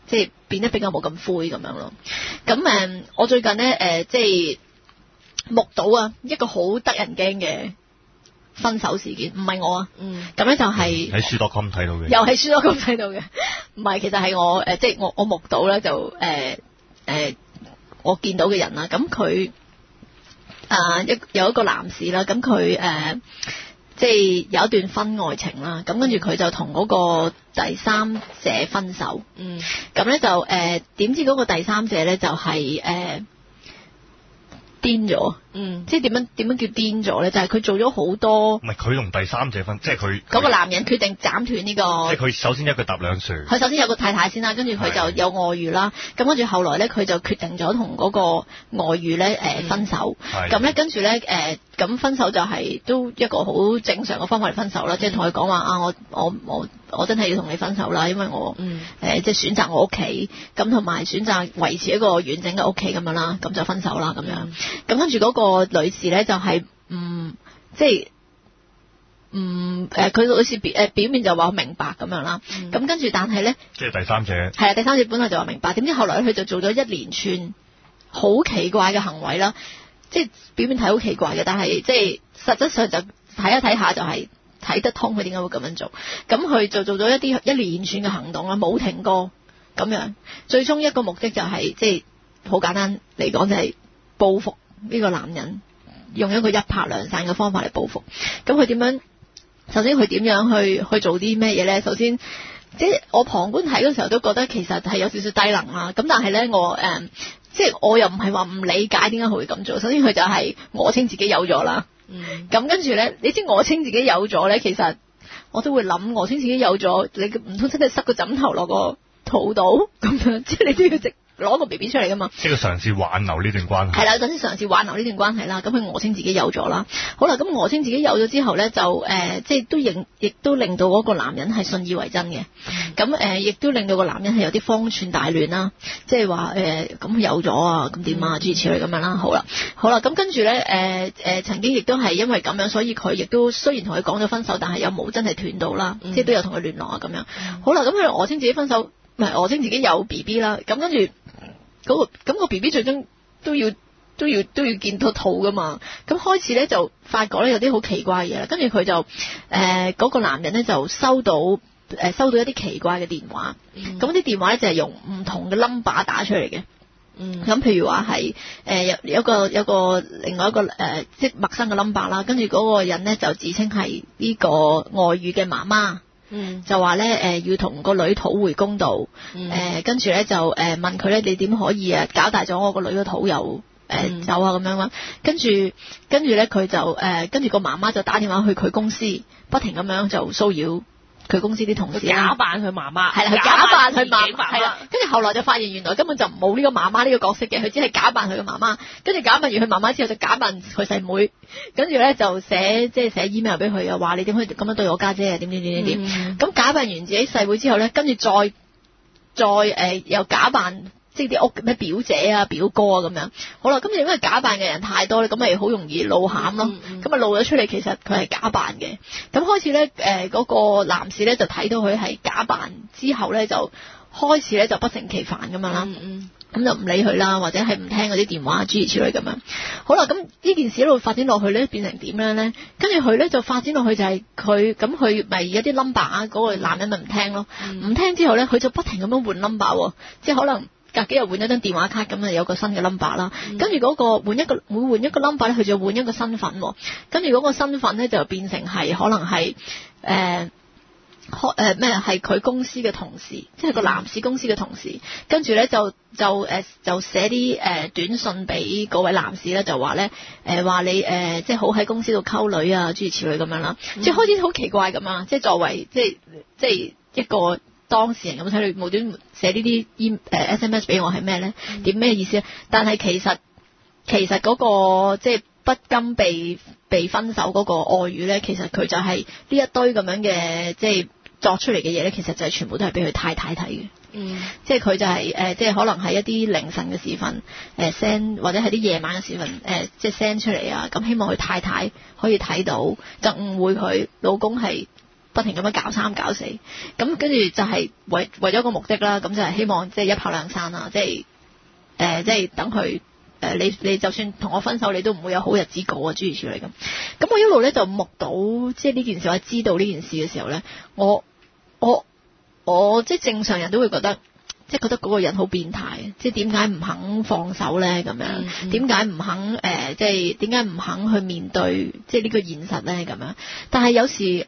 即係變得比較冇咁灰咁樣咯。咁誒、嗯，我最近咧誒、呃，即係目睹啊一個好得人驚嘅分手事件，唔係我啊。嗯。咁咧、嗯、就係喺書度咁睇到嘅。又係書度咁睇到嘅，唔係，其實係我誒、呃，即係我我目睹咧就誒誒、呃呃，我見到嘅人啦。咁佢啊一有一個男士啦，咁佢誒。呃即係有一段婚外情啦，咁跟住佢就同嗰個第三者分手，嗯，咁咧就誒點、呃、知嗰個第三者咧就係、是、誒、呃、癲咗。嗯，即係點樣點樣叫癲咗咧？就係、是、佢做咗好多，唔係佢同第三者分，即係佢個男人決定斬斷呢個，即係佢首先一個搭兩船，佢首先有個太太先啦，跟住佢就有外遇啦，咁跟住後來咧，佢就決定咗同個外遇咧誒分手，咁咧跟住咧誒咁分手就係都一個好正常嘅方法嚟分手啦，即係同佢講話啊我我我我真係要同你分手啦，因為我誒、嗯、即係選擇我屋企，咁同埋選擇維持一個完整嘅屋企咁樣啦，咁就分手啦咁樣，咁跟住個。個女士咧就係、是、唔、嗯、即係唔誒，佢好似表誒、呃、表面就話明白咁樣啦。咁、嗯、跟住，但係咧，即係第三者係啊，第三者本來就話明白，點知後來佢就做咗一連串好奇怪嘅行為啦。即係表面睇好奇怪嘅，但係即係實質上就睇一睇下就係睇得通佢點解會咁樣做。咁佢就做咗一啲一連串嘅行動啦，冇停過咁樣。最終一個目的就係、是、即係好簡單嚟講就係報復。呢個男人用一個一拍兩散嘅方法嚟報復，咁佢點樣？首先佢點樣去去做啲咩嘢呢？首先，即係我旁觀睇嗰時候都覺得其實係有少少低能啦。咁但係呢，我誒、嗯，即係我又唔係話唔理解點解佢會咁做。首先佢就係我稱自己有咗啦，咁、嗯、跟住呢，你知我稱自己有咗呢？其實我都會諗，我稱自己有咗，你唔通真係塞個枕頭落個肚度咁樣？即係你都要直。攞個 B B 出嚟噶嘛？即係嘗試挽留呢段關係。係啦，咁嘗試挽留呢段關係啦，咁佢訛稱自己有咗啦。好啦，咁訛稱自己有咗之後咧，就誒、呃，即係都亦亦都令到嗰個男人係信以為真嘅。咁誒，亦都令到個男人係有啲方寸大亂啦，即係話誒，咁佢有咗啊，咁點啊，諸如此類咁樣啦。好啦，好啦，咁跟住咧，誒、呃、誒，曾經亦都係因為咁樣，所以佢亦都雖然同佢講咗分手，但係有冇真係斷到啦？即係都有同佢聯絡啊，咁樣。好啦，咁佢訛稱自己分手，唔係訛稱自己有 B B 啦。咁跟住。嗰個咁個 B B 最終都要都要都要見到肚㗎嘛，咁開始咧就發覺咧有啲好奇怪嘢啦，跟住佢就誒嗰、呃那個男人咧就收到誒、呃、收到一啲奇怪嘅電話，咁啲電話咧就係用唔同嘅 number 打出嚟嘅，咁、嗯、譬如話係誒有個有個有個另外一個誒、呃、即係陌生嘅 number 啦，跟住嗰個人咧就自稱係呢個外語嘅媽媽。就話咧，誒，要同個女討回公道，誒，跟住咧就，誒，問佢咧，你點可以啊，搞大咗我個女嘅肚又，誒，走啊咁樣，跟住，跟住咧佢就，誒，跟住個媽媽就打電話去佢公司，不停咁樣就騷擾。佢公司啲同事假扮佢媽媽，係啦，假扮佢媽，係啦，跟住後來就發現原來根本就冇呢個媽媽呢個角色嘅，佢只係假扮佢嘅媽媽。跟住假扮完佢媽媽之後，就假扮佢細妹，跟住咧就寫即係寫 email 俾佢啊，話你點可以咁樣對我家姐啊？點點點點點咁假扮完自己細妹之後咧，跟住再再誒又假扮。即係啲屋咩表姐啊表哥啊咁樣，好啦，咁如果假扮嘅人太多咧，咁咪好容易露餡咯。咁啊、嗯嗯、露咗出嚟，其實佢係假扮嘅。咁開始咧，誒、呃、嗰、那個男士咧就睇到佢係假扮之後咧，就開始咧就不勝其煩咁樣啦。咁、嗯嗯、就唔理佢啦，或者係唔聽嗰啲電話諸如此類咁樣。好啦，咁呢件事一路發展落去咧，變成點樣咧？跟住佢咧就發展落去就係佢，咁佢咪而家啲 number 啊，嗰個男人咪唔聽咯，唔、嗯、聽之後咧，佢就不停咁樣換 number，即係可能。隔幾日換咗張電話卡咁啊，有個新嘅 number 啦。跟住嗰個換一個，每換一個 number 咧，佢就換一個身份。跟住嗰個身份咧就變成係可能係誒，開咩係佢公司嘅同事，即係個男士公司嘅同事。跟住咧就就誒就，就寫啲誒短信俾嗰位男士咧，就話咧誒話你誒、呃、即係好喺公司度溝女啊，諸如此類咁樣啦。即係開始好奇怪咁啊！即係作為即係即係一個。當事人有冇睇你無端寫呢啲 email SMS 俾我係咩咧？點咩、嗯、意思咧？但係其實其實嗰、那個即係、就是、不甘被被分手嗰個愛語咧，其實佢就係呢一堆咁樣嘅即係作出嚟嘅嘢咧，其實就係全部都係俾佢太太睇嘅。嗯即、就是呃，即係佢就係誒，即係可能係一啲凌晨嘅時分誒 send，或者係啲夜晚嘅時分誒即係 send 出嚟啊，咁希望佢太太可以睇到，就誤會佢老公係。不停咁樣搞三搞四，咁跟住就係為為咗個目的啦，咁就係、是、希望即係一拍兩散啦，即係誒，即、呃、係、就是、等佢誒、呃，你你就算同我分手，你都唔會有好日子過啊！諸如此類咁，咁我一路咧就目睹即係呢件事，我知道呢件事嘅時候咧，我我我即係、就是、正常人都會覺得，即、就、係、是、覺得嗰個人好變態，即係點解唔肯放手咧？咁樣，點解唔肯誒？即係點解唔肯去面對即係呢個現實咧？咁樣，但係有時。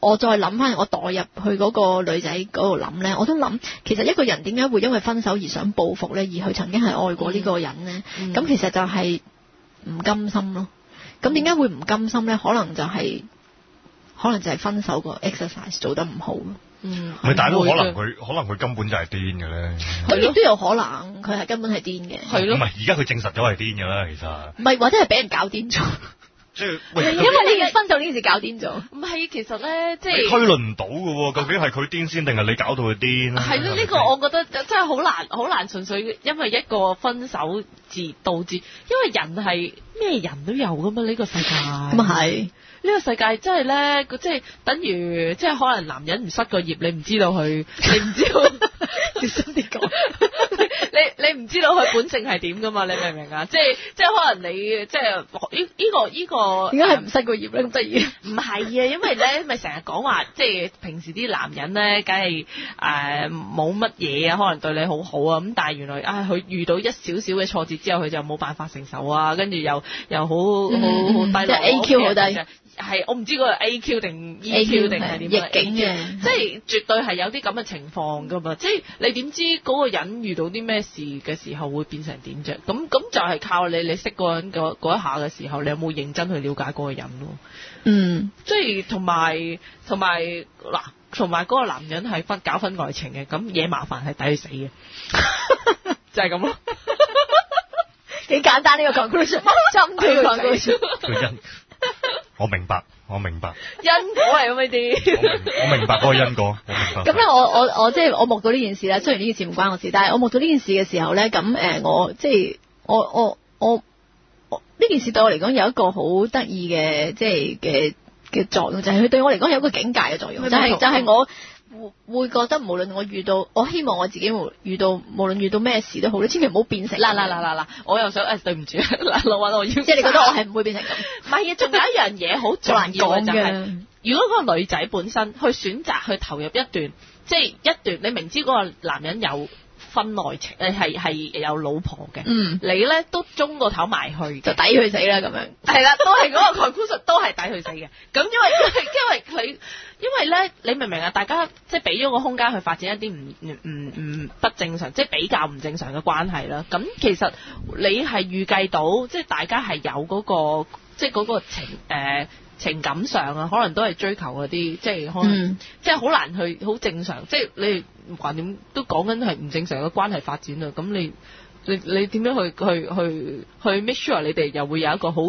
我再諗翻，我代入去嗰個女仔嗰度諗咧，我都諗，其實一個人點解會因為分手而想報復咧？而佢曾經係愛過呢個人咧，咁、嗯、其實就係唔甘心咯。咁點解會唔甘心咧？可能就係、是，可能就係分手個 exercise 做得唔好咯。嗯，但係可能佢、嗯，可能佢根本就係癲嘅咧。係咯，佢亦都有可能，佢係根本係癲嘅。係咯，唔係而家佢證實咗係癲嘅啦，其實。唔係，或者係俾人搞癲咗。即係，就是、因為呢件分手呢件事搞癲咗。唔係，其實咧，即、就、係、是、你推論唔到嘅。究竟係佢癲先，定係你搞到佢癲？係咯，呢、這個我覺得真係好難，好難純粹因為一個分手字導致。因為人係咩人都有噶嘛，呢、這個世界咁啊係。嗯呢個世界真係咧，個即係等於即係可能男人唔失個業，你唔知道佢，你唔知道 你你唔知道佢本性係點噶嘛？你明唔明啊？即係即係可能你即係呢依個依、呢個點解係唔失個業咧？咁得意？唔係啊，因為咧咪成日講話，即係平時啲男人咧，梗係誒冇乜嘢啊，可能對你好好啊，咁但係原來啊佢、哎、遇到一少少嘅挫折之後，佢就冇辦法承受啊，跟住又又好好好低落，係、嗯、A Q 好低<我的 S 2>。係我唔知嗰個 AQ 定 EQ 定係點嘅逆境嘅，即係絕對係有啲咁嘅情況噶嘛，即係你點知嗰個人遇到啲咩事嘅時候會變成點啫？咁咁就係靠你，你識嗰個人嗰一下嘅時候，你有冇認真去了解嗰個人咯？嗯，即係同埋同埋嗱，同埋嗰個男人係分搞婚外情嘅，咁惹麻煩係抵死嘅，就係咁咯，幾 簡單呢個 Conclusion。笑<笑> 我明白，我明白因果係咁呢啲。我明白嗰個因果。咁咧，我我我即係我目睹呢件事啦，雖然呢件事唔關我事，但係我目睹呢件事嘅時候咧，咁誒，我即係我我我，呢件事對我嚟講有一個好得意嘅即係嘅嘅作用，就係、是、佢對我嚟講有一個警戒嘅作用。就係就係我。嗯會會覺得無論我遇到，我希望我自己會遇到，無論遇到咩事都好，你千祈唔好變成。嗱嗱嗱嗱嗱，我又想誒、哎，對唔住，嗱，老温，我即係你覺得我係唔會變成咁？唔係啊，仲有一樣嘢，好重要嘅，就係、是、如果嗰個女仔本身去選擇去投入一段，即、就、係、是、一段你明知嗰個男人有。婚外情，誒係係有老婆嘅，嗯，你咧都中個頭埋去，就抵佢死啦咁樣，係啦 ，都係嗰個 conclusion，都係抵佢死嘅。咁 因為因為佢，因為咧，你明唔明啊？大家即係俾咗個空間去發展一啲唔唔唔不正常，即係比較唔正常嘅關係啦。咁其實你係預計到，即係大家係有嗰個，即係嗰個情誒。呃情感上啊，可能都係追求嗰啲，即係可能，嗯、即係好難去好正常，即係你唔話點都講緊係唔正常嘅關係發展啊！咁你你你點樣去去去去 make sure 你哋又會有一個好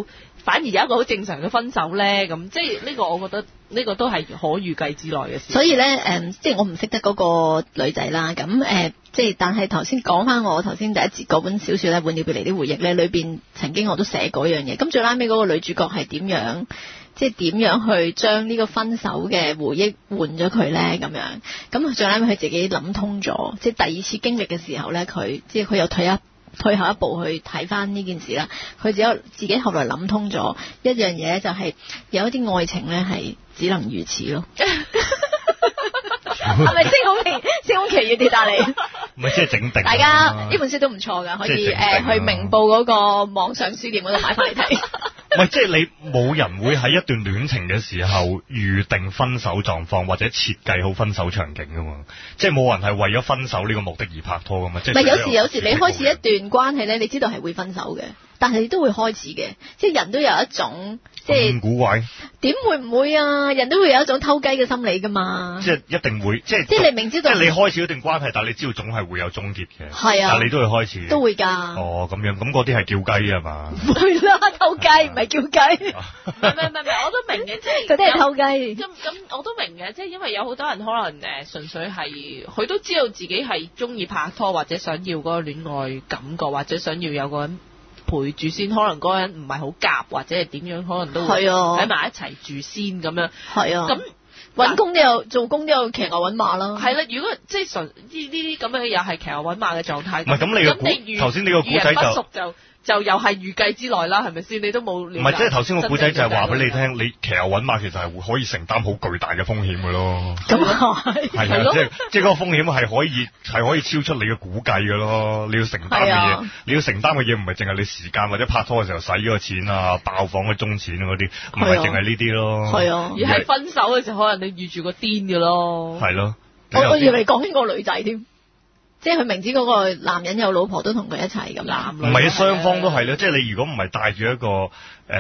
反而有一個好正常嘅分手咧？咁即係呢個，我覺得呢、這個都係可預計之內嘅事。所以咧，誒、呃，即係我唔識得嗰個女仔啦。咁誒、呃，即係但係頭先講翻我頭先第一節嗰本小說咧，《半鳥別離》啲回憶咧，裏邊曾經我都寫過一樣嘢。咁最拉尾嗰個女主角係點樣？即係點樣去將呢個分手嘅回憶換咗佢呢？咁樣咁最後佢自己諗通咗，即係第二次經歷嘅時候呢，佢即係佢又退一退後一步去睇翻呢件事啦。佢只有自己後來諗通咗一樣嘢，就係有一啲愛情呢，係只能如此咯。係咪星好期？先好期要跌達你，唔係即係整定。大家呢本書都唔錯噶，可以誒去明報嗰個網上書店嗰度買翻嚟。睇。唔係，即係你冇人會喺一段戀情嘅時候預定分手狀況，或者設計好分手場景噶嘛？即係冇人係為咗分手呢個目的而拍拖噶嘛？即係唔係有時有時你開始一段關係咧，你知道係會分手嘅。但係你都會開始嘅，即係人都有一種即係點古怪，點會唔會啊？人都會有一種偷雞嘅心理噶嘛。即係一定會，即係即係你明知道，即係你開始一段關係，但係你知道總係會有終結嘅。係啊，但係你都會開始都會噶。哦，咁樣咁嗰啲係叫雞啊嘛？會啦，偷雞唔係叫雞，唔係唔係我都明嘅，即係啲係偷雞。咁咁我都明嘅，即係因為有好多人可能誒，純粹係佢都知道自己係中意拍拖或者想要嗰個戀愛感覺，或者想要有個陪住先，可能嗰個人唔係好夾，或者係點樣，可能都喺埋一齊住先咁、啊、樣。係啊，咁揾工都有，做工都有，騎牛揾馬啦。係啦、嗯啊，如果即係純呢呢啲咁樣又係騎牛揾馬嘅狀態。唔係咁，你嘅頭先你嘅故仔就。就又係預計之內啦，係咪先？你都冇。唔係，即係頭先個古仔就係話俾你聽，你騎牛揾馬其實係可以承擔好巨大嘅風險嘅咯。咁啊，係即係即係嗰個風險係可以係可以超出你嘅估計嘅咯。你要承擔嘅嘢，你要承擔嘅嘢唔係淨係你時間或者拍拖嘅時候使咗錢啊，爆房嘅鐘錢嗰啲，唔係淨係呢啲咯。係啊，而係分手嘅時候可能你遇住個癲嘅咯。係咯，我以為你講呢個女仔添。即係佢明知嗰個男人有老婆都同佢一齊咁，唔係雙方都係咧。即係你如果唔係帶住一個誒、呃、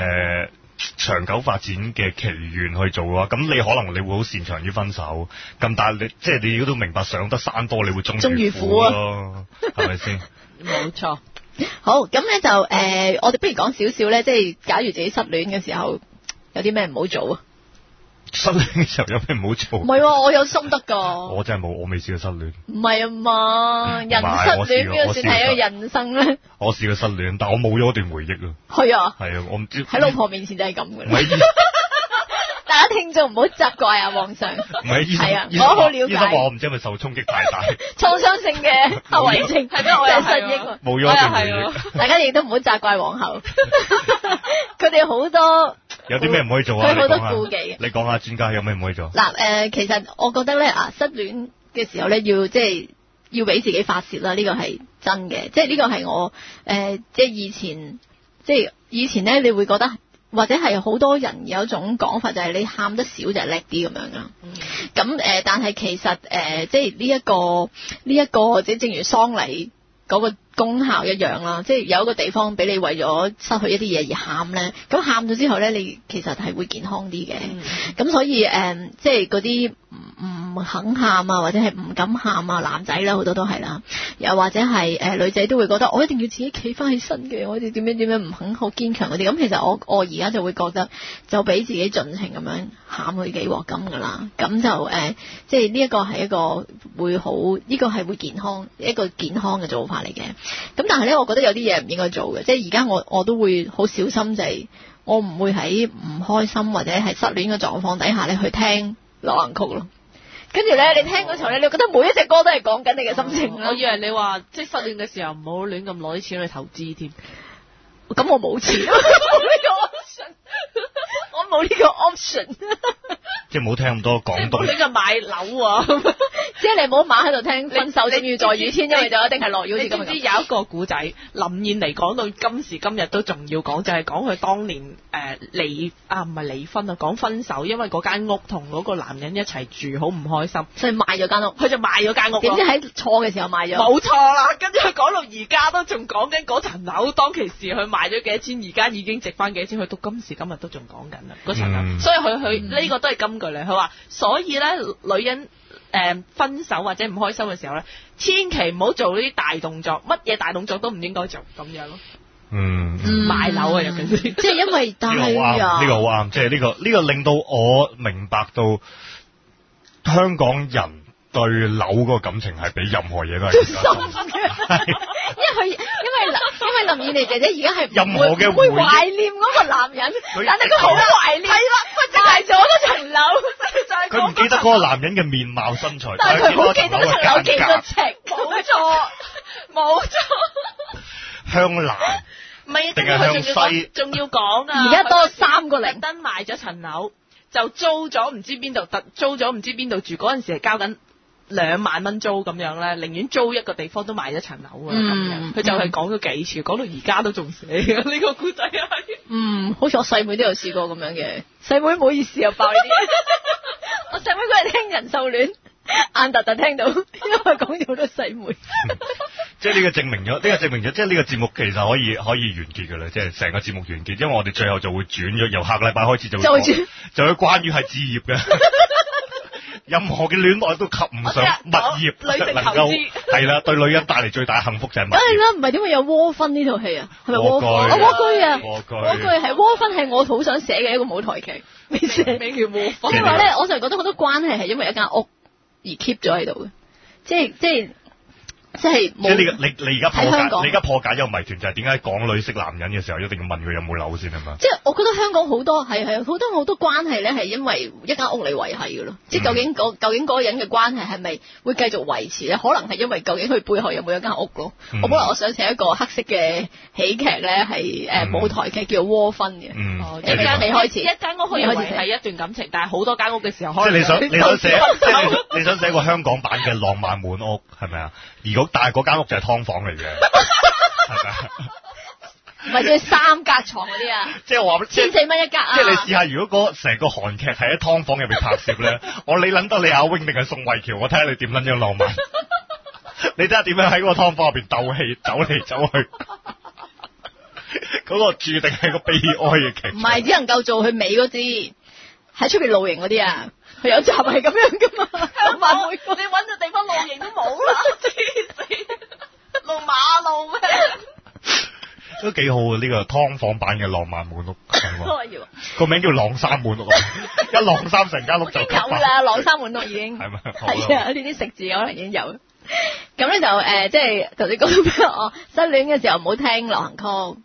長久發展嘅期願去做嘅話，咁你可能你會好擅長於分手。咁但係你即係你都明白，上得山多，你會終終遇虎咯，係咪先？冇錯。好，咁咧就誒、呃，我哋不如講少少咧。即係假如自己失戀嘅時候，有啲咩唔好做啊？失戀嘅時候有咩唔好做？唔係，我有心得噶。我真係冇，我未試過失戀。唔係啊嘛，人失戀邊度算係一個人生咧？我試過失戀，但我冇咗段回憶啊。係啊，係啊，我唔知喺老婆面前就係咁嘅。大家聽眾唔好責怪啊，皇上。唔係醫生，我好了解醫生話我唔知係咪受衝擊太大，創傷性嘅後遺症係咩？我有失憶，冇咗一段回憶。大家亦都唔好責怪皇后，佢哋好多。有啲咩唔可以做啊？佢好多顧忌嘅。你講下專家有咩唔可以做？嗱，誒，其實我覺得咧啊，失戀嘅時候咧，要即係要俾自己發泄啦，呢個係真嘅。即係呢個係我誒，即係以前，即係以前咧，你會覺得或者係好多人有一種講法就係你喊得少就係叻啲咁樣啦。咁誒、嗯，但係其實誒、呢個，即係呢一個呢一個或者正如喪禮嗰、嗰個。功效一樣啦，即係有一個地方俾你為咗失去一啲嘢而喊咧，咁喊咗之後咧，你其實係會健康啲嘅。咁、嗯、所以誒、嗯，即係嗰啲唔肯喊啊，或者係唔敢喊啊，男仔啦好多都係啦，又或者係誒、呃、女仔都會覺得我一定要自己企翻起身嘅，我哋點樣點樣唔肯好堅強嗰啲。咁其實我我而家就會覺得就俾自己盡情咁樣喊佢幾鑊咁噶啦，咁就誒、嗯，即係呢一個係一個會好，呢、呢個係會健康一個健康嘅做法嚟嘅。咁但係咧，我覺得有啲嘢，唔應該做嘅，即係而家我我都會好小心，就係我唔會喺唔開心或者係失戀嘅狀況底下咧去聽流行曲咯。跟住咧，你聽嗰時候咧，你覺得每一隻歌都係講緊你嘅心情哦哦哦，我以為你話即係失戀嘅時候唔好亂咁攞啲錢去投資添。咁我冇錢，我冇呢個 option，我冇呢個 option 。即係冇聽咁多講。你就買樓，啊。即係你唔好馬喺度聽分手，一定要在雨天，因為就一定係落雨。你知唔知有一個古仔？林燕妮講到今時今日都仲要講，就係講佢當年誒離啊，唔係離婚啊，講分手，因為嗰間屋同嗰個男人一齊住好唔開心，所以賣咗間屋，佢就賣咗間屋。點知喺錯嘅時候賣咗。冇錯啦，跟住佢講到而家都仲講緊嗰層樓，當其時佢賣咗幾多錢，而家已經值翻幾多錢，佢到今時今日都仲講緊啦嗰層樓。所以佢佢呢個都係金句嚟，佢話所以咧女人，誒、嗯，分手或者唔開心嘅時候咧，千祈唔好做呢啲大動作，乜嘢大動作都唔應該做咁樣咯。嗯，買樓啊，尤其是，即係因為大啊？呢個好啱，即係呢個呢個令到我明白到香港人。對樓嗰個感情係比任何嘢都係深嘅，因為佢因為因為林燕妮姐姐而家係任何嘅會懷念嗰個男人，但係佢好懷念係啦，佢賣咗嗰層樓，佢唔記得嗰個男人嘅面貌身材，但係佢好記得嗰層樓幾多尺冇錯冇錯，向南，唔係啊，即係佢仲要仲要講啊，而家多三個零登賣咗層樓，就租咗唔知邊度，租咗唔知邊度住，嗰陣時係交緊。兩萬蚊租咁樣咧，寧願租一個地方都買一層樓啊！咁樣，佢、嗯、就係講咗幾次，講到而家都仲死呢、這個古仔啊！嗯，好似我細妹、妹都有試過咁樣嘅，細妹唔好意思又爆啲。我細 妹嗰日聽人獸戀，眼突、突突聽到，因為講咗好多細妹、妹。即係呢個證明咗，呢、這個證明咗，即係呢個節目其實可以可以完結噶啦，即係成個節目完結，因為我哋最後就會轉咗，由下禮拜開始就會就去關於係置業嘅。任何嘅戀愛都及唔上物業，能夠係啦，對女人帶嚟最大幸福就係。梗係啦，唔係點會有蝸婚呢套戲啊？係咪蝸婚？蝸居，我、啊、蝸居啊！居居蝸居係蝸婚，係我好想寫嘅一個舞台劇，寫名 叫蝸婚。即係話咧，我就覺得好多關係係因為一間屋而 keep 咗喺度嘅，即係即係。即係即你你而家破解你而家破解一個謎團就係點解港女識男人嘅時候一定要問佢有冇樓先係嘛？即係我覺得香港好多係係好多好多關係咧係因為一間屋嚟維繫嘅咯。即係究竟究竟嗰個人嘅關係係咪會繼續維持咧？可能係因為究竟佢背後有冇一間屋咯。我本來我想寫一個黑色嘅喜劇咧，係誒舞台劇叫《窩分》嘅，一間屋開始，一間屋可以係一段感情，但係好多間屋嘅時候，即係你想你想寫你想寫個香港版嘅浪漫滿屋係咪啊？但係嗰間屋就係劏房嚟嘅，唔係 即係三格床嗰啲啊。即係我話千四蚊一格啊！即係你試下如果個成個韓劇喺喺劏房入面拍攝咧 ，我話你諗到你阿 Wing 定係宋慧喬，我睇下你點諗樣浪漫，你睇下點樣喺嗰個劏房入邊鬥氣走嚟走去，嗰 個注定係個悲哀嘅劇，唔係 只能夠做佢美嗰啲喺出邊露營嗰啲啊。有集係咁樣噶嘛？浪漫滿屋、嗯嗯，你搵個地方露營都冇啦！黐線，露馬路咩？都幾 好啊！呢、這個劏房版嘅浪漫滿屋，個名叫浪三滿屋，一浪三成家屋就有啦！浪三滿屋已經係啊，呢啲 食字可能已經有。咁 咧就誒，即係頭先講到我失戀嘅時候唔好聽流行曲，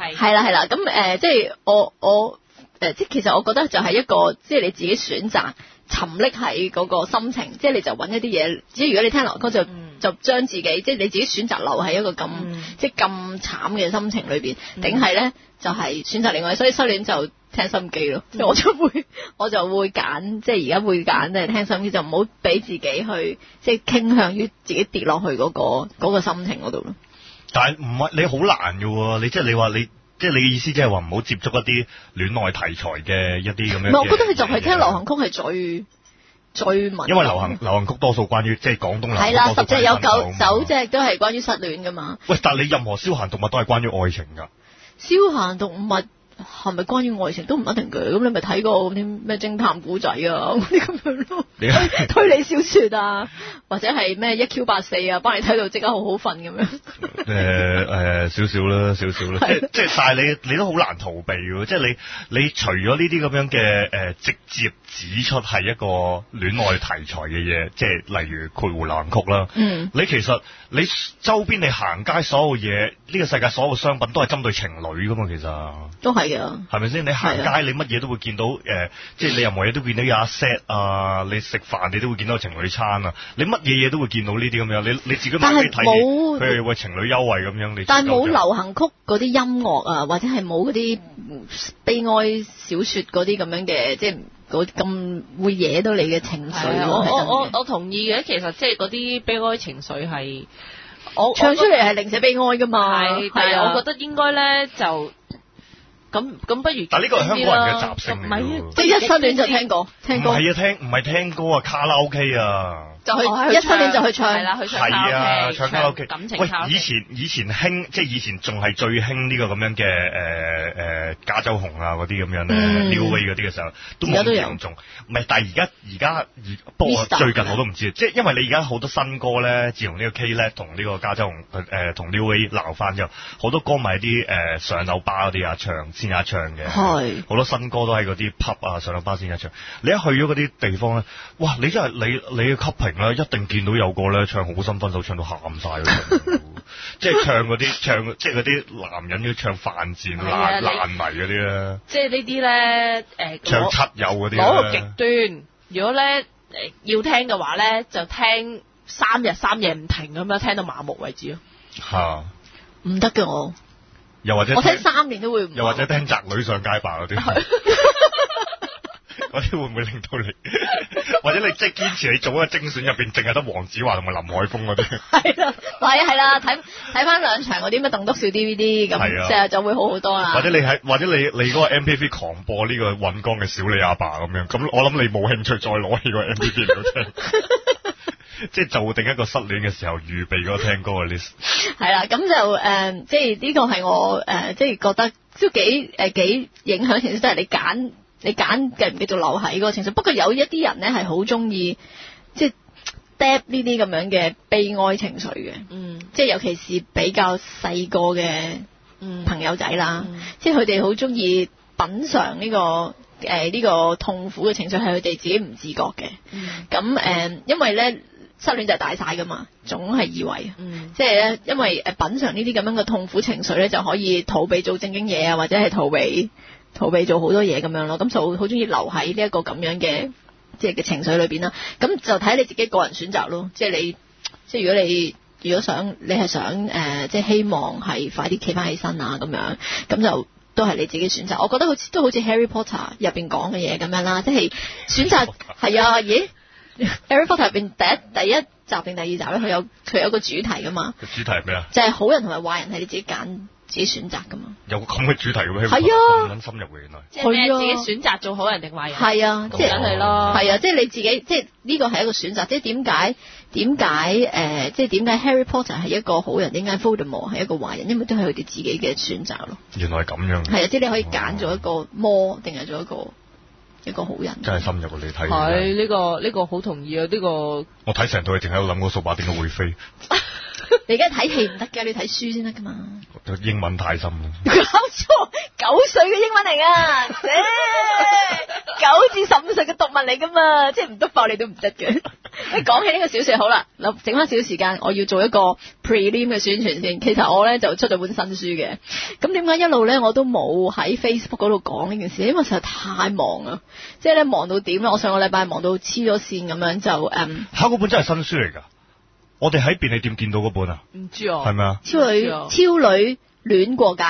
係係啦係啦。咁誒，即係我我。誒，即係其實我覺得就係一個，嗯、即係你自己選擇沉溺喺嗰個心情，嗯、即係你就揾一啲嘢。即係如果你聽落歌就就將自己，即係你自己選擇留喺一個咁、嗯、即係咁慘嘅心情裏邊，定係咧就係、是、選擇另外。所以失戀就聽心機咯。嗯、我都會，我就會揀，即係而家會揀，即係聽心機，就唔好俾自己去即係傾向於自己跌落去嗰、嗰個、嗰個心情度咯。但係唔係你好難嘅，你即係你話你,你。即係你嘅意思，即係話唔好接觸一啲戀愛題材嘅一啲咁樣。唔係，我覺得佢就係聽流行曲係最最文。因為流行流行曲多數關於即係廣東流行。係啦，十隻有九九,九隻都係關於失戀㗎嘛。喂，但係你任何消閒讀物都係關於愛情㗎。消閒讀物。係咪關於愛情都唔一定嘅？咁你咪睇過啲咩偵探古仔啊？啲咁樣咯，推理小說啊，或者係咩 1Q84 啊，幫你睇到即刻好好瞓咁樣。誒 誒、呃呃，少少啦，少少啦，即即係，但係你你都好難逃避嘅，即係你你除咗呢啲咁樣嘅誒、呃、直接指出係一個戀愛題材嘅嘢，即係例如《a g u 藍曲》啦。嗯、你其實你周邊你行街所有嘢，呢、這個世界所有商品都係針對情侶噶嘛，其實都係係咪先？你行街，你乜嘢都會見到，誒，即係你任何嘢都見到有阿 set 啊，你食飯你都會見到情侶餐啊，你乜嘢嘢都會見到呢啲咁樣。你你自己自己睇，佢係為情侶優惠咁樣。但係冇流行曲嗰啲音樂啊，或者係冇嗰啲悲哀小說嗰啲咁樣嘅，即係咁會惹到你嘅情緒。我我我同意嘅，其實即係嗰啲悲哀情緒係，我唱出嚟係寧舍悲哀噶嘛。係，我覺得應該咧就。咁咁不如點點。但呢個係香港人嘅習性，唔係啊，即係一失戀就聽過聽歌係啊，聽唔係聽歌啊，卡拉 OK 啊。就去、哦、去一七年就去唱係啦，去唱卡拉 OK。啊、唱感情喂，以前以前興，即係以前仲係最興呢個咁樣嘅誒誒加州紅啊啲咁樣咧，new way 啲嘅時候都冇咁嚴重。唔係，但係而家而家而不過最近 Mister，我都唔知，即係因為你而家好多新歌咧，自從呢個 K 咧同呢個加州紅誒同 new way 鬧翻之後，好、呃、多歌咪啲誒上樓巴啲啊唱先啊唱嘅，好多新歌都係啲 pop 啊上樓巴先一唱。你一去咗啲地方咧，哇！你真係你真你嘅 c u 啊、一定見到有個咧唱，唱，唱，唱《好心分手》唱到喊晒，即係唱嗰啲唱即係嗰啲男人要唱犯賤爛爛泥嗰啲咧。即係呢啲咧，誒、呃、唱七友嗰啲咧，嗰個極端。如果咧、呃、要聽嘅話咧，就聽三日三夜唔停咁樣，聽到麻木為止咯。嚇、啊！唔得嘅我，又或者聽我聽三年都會，又或者聽《宅女上街扮》嗰啲。嗰啲 會唔會令到你，你，你，你，或者你即係堅持你做嗰個精選入邊，淨係得黃子華同埋林海峰嗰啲？係啦，係啦，睇睇翻兩場嗰啲咩《棟篤笑》D V D，咁成日就會好好多啦。或者你喺，或者你你嗰個 M P V 狂播呢個尹光嘅《小李阿爸》咁樣，咁我諗你冇興趣再攞呢個 M P V 嚟聽，即係就定一個失戀嘅時候預備嗰個聽歌嘅 list。係啦，咁就誒、呃，即係呢個係我誒、呃，即係覺得都幾誒幾影響，其實都係你揀。你揀繼唔繼續留喺嗰個情緒？不過有一啲人咧係好中意即係 deb 呢啲咁樣嘅悲哀情緒嘅，嗯，即係尤其是比較細個嘅朋友仔啦，嗯嗯、即係佢哋好中意品嚐呢、這個誒呢、呃這個痛苦嘅情緒，係佢哋自己唔自覺嘅，咁誒、嗯呃，因為咧失戀就大晒噶嘛，總係以為，嗯、即係咧，因為誒品嚐呢啲咁樣嘅痛苦情緒咧，就可以逃避做正經嘢啊，或者係逃避。逃避做好多嘢咁樣咯，咁就好中意留喺呢一個咁樣嘅即係嘅情緒裏邊啦。咁就睇你自己個人選擇咯，即係你即係如果你如果想你係想誒、呃，即係希望係快啲企翻起身啊咁樣，咁就都係你自己選擇。我覺得好似都好似 Harry Potter 入邊講嘅嘢咁樣啦，即係選擇係 Harry Potter 啊？咦、欸、，Harry Potter 入邊第一第一集定第二集咧，佢有佢有個主題噶嘛？個主題係咩啊？就係好人同埋壞人係你自己揀。自己選擇噶嘛？有咁嘅主題嘅咩？係啊，咁深入嘅，原來，原來。佢係、啊、自己選擇做好人定壞人。係啊，啊，即係咯，係啊，即係你自己，即係呢個係一個選擇。即係點解？點解？誒、呃，即係點解？Harry Potter 係一個好人，點解 Voldemort 係一個壞人？因為都係佢哋自己嘅選擇咯。原來係咁樣。係啊，即係你可以揀做一個魔，定係做一個一個好人。真係深入嘅你睇。係呢、這個呢、這個好同意啊！呢、這個我睇成套，係淨喺有諗嗰個掃把點解會飛。你而家睇戲唔得嘅，你睇書先得噶嘛？英文太深，搞錯九歲嘅英文嚟噶 、哎！九至十五歲嘅讀物嚟噶嘛，即係唔得爆你都唔得嘅。你 講起呢個小說好啦，嗱，整翻少少時間，我要做一個 prelim 嘅宣傳先。其實我咧就出咗本新書嘅。咁點解一路咧我都冇喺 Facebook 嗰度講呢件事？因為實在太忙啦，即係咧忙到點，我上個禮拜忙到黐咗線咁樣就誒。吓、um,，嗰本真係新書嚟噶？我哋喺便利店見到嗰本啊，唔知啊，係咪啊？超女超女戀過界，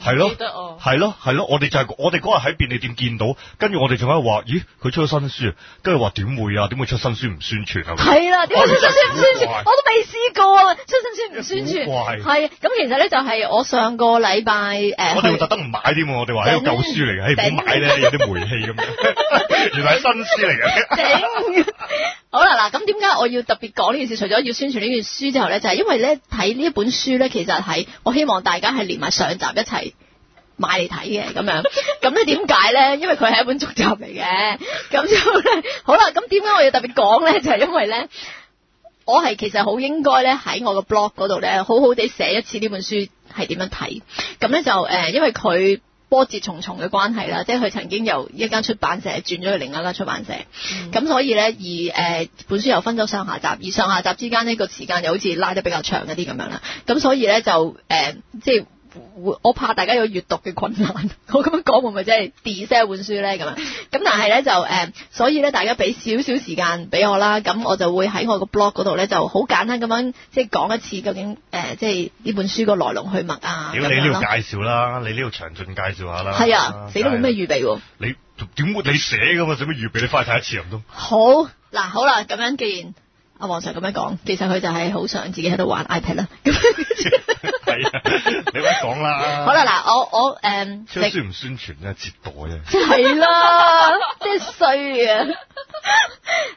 係咯，係咯，係咯，我哋就係我哋嗰日喺便利店見到，跟住我哋仲喺度話，咦，佢出咗新書，跟住話點會啊？點會出新書唔宣傳啊？係啦，點會出新書唔宣傳，我都未試過啊，出新書唔宣傳，哇係，咁其實咧就係我上個禮拜誒，我哋會特登唔買添，我哋話係舊書嚟嘅，係唔好買咧，有啲霉氣咁，原來係新書嚟嘅。好啦，嗱，咁點解我要特別講呢件事？除咗要宣傳呢本書之後呢，就係因為呢，睇呢本書呢，其實係我希望大家係連埋上集一齊買嚟睇嘅咁樣。咁咧點解呢？因為佢係一本續集嚟嘅。咁之後呢，好啦，咁點解我要特別講呢？就係因為呢，我係其實好應該呢，喺我個 blog 嗰度呢，好好地寫一次呢本書係點樣睇。咁呢，就誒，因為佢。波折重重嘅關係啦，即係佢曾經由一間出版社轉咗去另一間出版社，咁、嗯、所以咧，而誒本書又分咗上下集，而上下集之間呢個時間又好似拉得比較長一啲咁樣啦，咁所以咧就誒、呃、即係。我我怕大家有閱讀嘅困難，我咁樣講會唔會即係 diss 一本書咧咁啊？咁 但係咧就誒、呃，所以咧大家俾少少時間俾我啦，咁我就會喺我個 blog 嗰度咧就好簡單咁樣即係講一次究竟誒、呃，即係呢本書個來龍去脈啊，你呢度介紹啦，你呢度詳盡介紹下啦。係啊，死都冇咩預備喎。你點會你寫噶嘛？使乜預備？你翻去睇一次都好。嗱，好啦，咁樣既然。阿黃 Sir 咁樣講，其實佢就係好想自己喺度玩 iPad 啦 、嗯。係啊，你唔好講啦。好啦，嗱，我我誒，um, 宣唔宣傳啫，折墮啫。係啦，即係衰啊！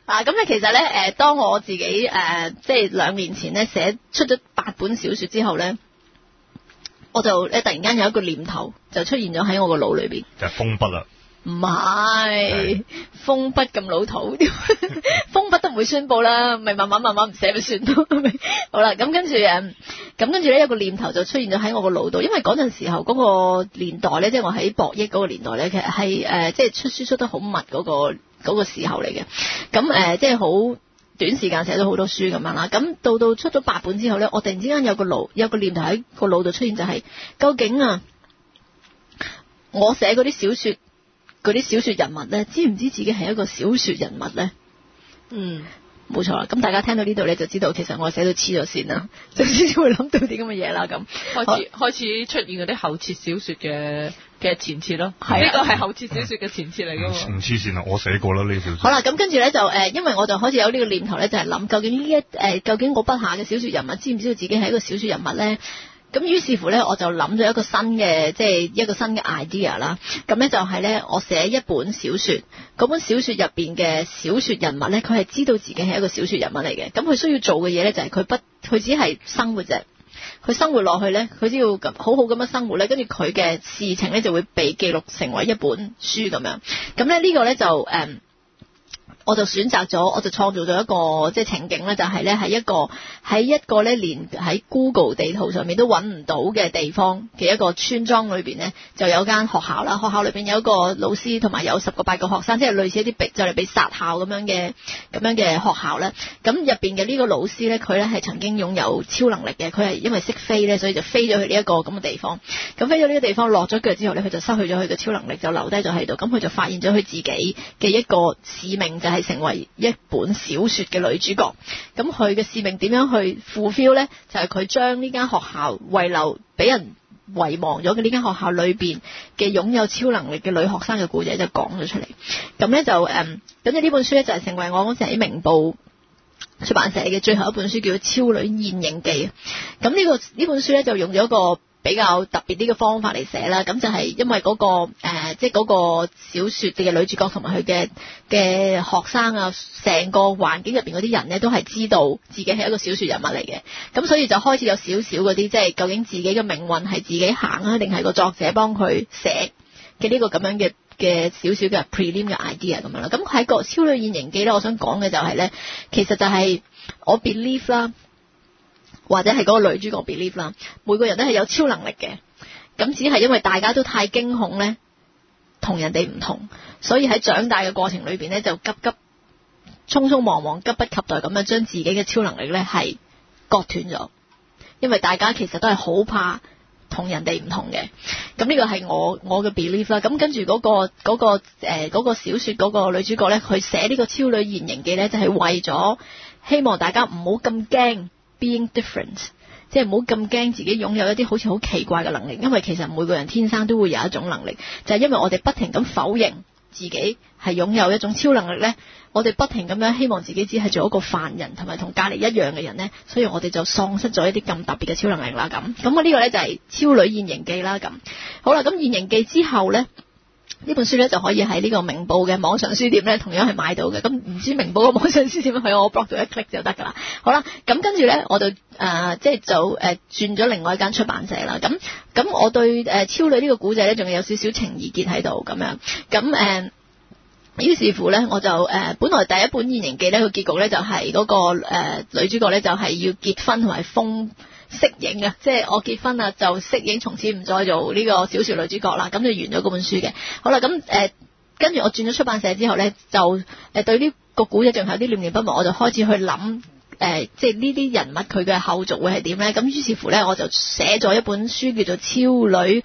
啊，咁你其實咧，誒，當我自己誒、呃，即係兩年前咧，寫出咗八本小說之後咧，我就咧突然間有一個念頭就出現咗喺我個腦裏邊，就係封筆啦。唔係封筆咁老土，封 筆都唔會宣布啦，咪慢慢慢慢唔寫就算咯。好啦，咁跟住，誒、嗯，咁跟住咧有個念頭就出現咗喺我個腦度，因為嗰陣時候嗰個年代咧，即係我喺博益個年代咧，其實係誒，即係出書出得好密嗰個嗰個時候嚟嘅。咁、呃、誒，即係好短時間寫咗好多書咁樣啦。咁到到出咗八本之後咧，我突然之間有個腦有個念頭喺個腦度出現，就係究竟啊，我寫嗰啲小說。嗰啲小說人物咧，知唔知自己係一個小說人物咧？嗯，冇錯啦。咁大家聽到呢度咧，就知道其實我寫到痴咗線啦，就係先至會諗到啲咁嘅嘢啦。咁開始開始出現嗰啲後設小說嘅嘅前設咯，呢個係後設小說嘅前設嚟嘅，唔黐線啦，我寫過啦呢小說。好啦，咁跟住咧就誒，因為我就開始有呢個念頭咧，就係、是、諗究竟呢一誒，究竟我筆下嘅小說人物知唔知道自己係一個小說人物咧？咁於是乎咧，我就諗咗一個新嘅，即係一個新嘅 idea 啦。咁咧就係咧，我寫一本小說，嗰本小說入邊嘅小說人物咧，佢係知道自己係一個小說人物嚟嘅。咁佢需要做嘅嘢咧，就係佢不，佢只係生活啫。佢生活落去咧，佢只要好好咁樣生活咧，跟住佢嘅事情咧就會被記錄成為一本書咁樣。咁咧呢個咧就誒。Um, 我就選擇咗，我就創造咗一個即係情景咧，就係呢，係一個喺一個咧連喺 Google 地圖上面都揾唔到嘅地方嘅一個村莊裏邊呢就有間學校啦。學校裏邊有一個老師同埋有十個八個學生，即係類似一啲被就嚟被殺校咁樣嘅咁樣嘅學校咧。咁入邊嘅呢個老師呢，佢呢係曾經擁有超能力嘅，佢係因為識飛呢，所以就飛咗去呢一個咁嘅地方。咁飛咗呢個地方落咗腳之後呢，佢就失去咗佢嘅超能力，就留低咗喺度。咁佢就發現咗佢自己嘅一個使命就係係成為一本小說嘅女主角，咁佢嘅使命點樣去 fulfill 呢？就係佢將呢間學校遺留俾人遺忘咗嘅呢間學校裏邊嘅擁有超能力嘅女學生嘅故仔就講咗出嚟，咁呢就，嗯，咁呢本書呢，就係成為我嗰陣喺明報出版社嘅最後一本書，叫《超女現形記》。咁呢個呢本書呢，就用咗個比較特別啲嘅方法嚟寫啦，咁就係因為嗰個誒，即係嗰個小說嘅女主角同埋佢嘅嘅學生啊，成個環境入邊嗰啲人咧，都係知道自己係一個小說人物嚟嘅，咁所以就開始有少少嗰啲，即係究竟自己嘅命運係自己行啊，定係個作者幫佢寫嘅呢個咁樣嘅嘅少少嘅 prelim 嘅 idea 咁樣啦。咁喺個超女現形記咧，我想講嘅就係咧，其實就係我 believe 啦。或者係嗰個女主角 belief 啦，每個人都係有超能力嘅，咁只係因為大家都太驚恐咧，同人哋唔同，所以喺長大嘅過程裏邊咧，就急急匆匆忙忙急不及待咁樣將自己嘅超能力咧係割斷咗，因為大家其實都係好怕同人哋唔同嘅。咁呢個係我我嘅 belief 啦。咁跟住嗰個嗰個誒嗰個小說嗰個女主角咧，佢寫呢個超女現形記咧，就係為咗希望大家唔好咁驚。Being different，即係唔好咁驚自己擁有一啲好似好奇怪嘅能力，因為其實每個人天生都會有一種能力，就係、是、因為我哋不停咁否認自己係擁有一種超能力呢，我哋不停咁樣希望自己只係做一個犯人，同埋同隔籬一樣嘅人呢，所以我哋就喪失咗一啲咁特別嘅超能力啦。咁，咁我呢個呢就係超女現形記啦。咁，好啦，咁現形記之後呢。呢本書咧就可以喺呢個明報嘅網上書店咧同樣係買到嘅，咁唔知明報嘅網上書店喺我 blog 度一 click 就得噶啦。好啦，咁跟住咧我就誒、呃、即係就誒轉咗另外一間出版社啦。咁咁我對誒超女呢、這個古仔咧仲有少少情意結喺度咁樣。咁誒、呃、於是乎咧我就誒、呃、本來第一本現形記咧個結局咧就係嗰、那個誒、呃、女主角咧就係要結婚同埋封。適應呀，即係我結婚啦，就適應從此唔再做呢個小說女主角啦，咁就完咗嗰本書嘅。好啦，咁、呃、誒，跟住我轉咗出版社之後呢，就誒對呢個古仔仲有啲念念不忘，我就開始去諗誒、呃，即係呢啲人物佢嘅後續會係點呢？咁於是乎呢，我就寫咗一本書叫做《超女》。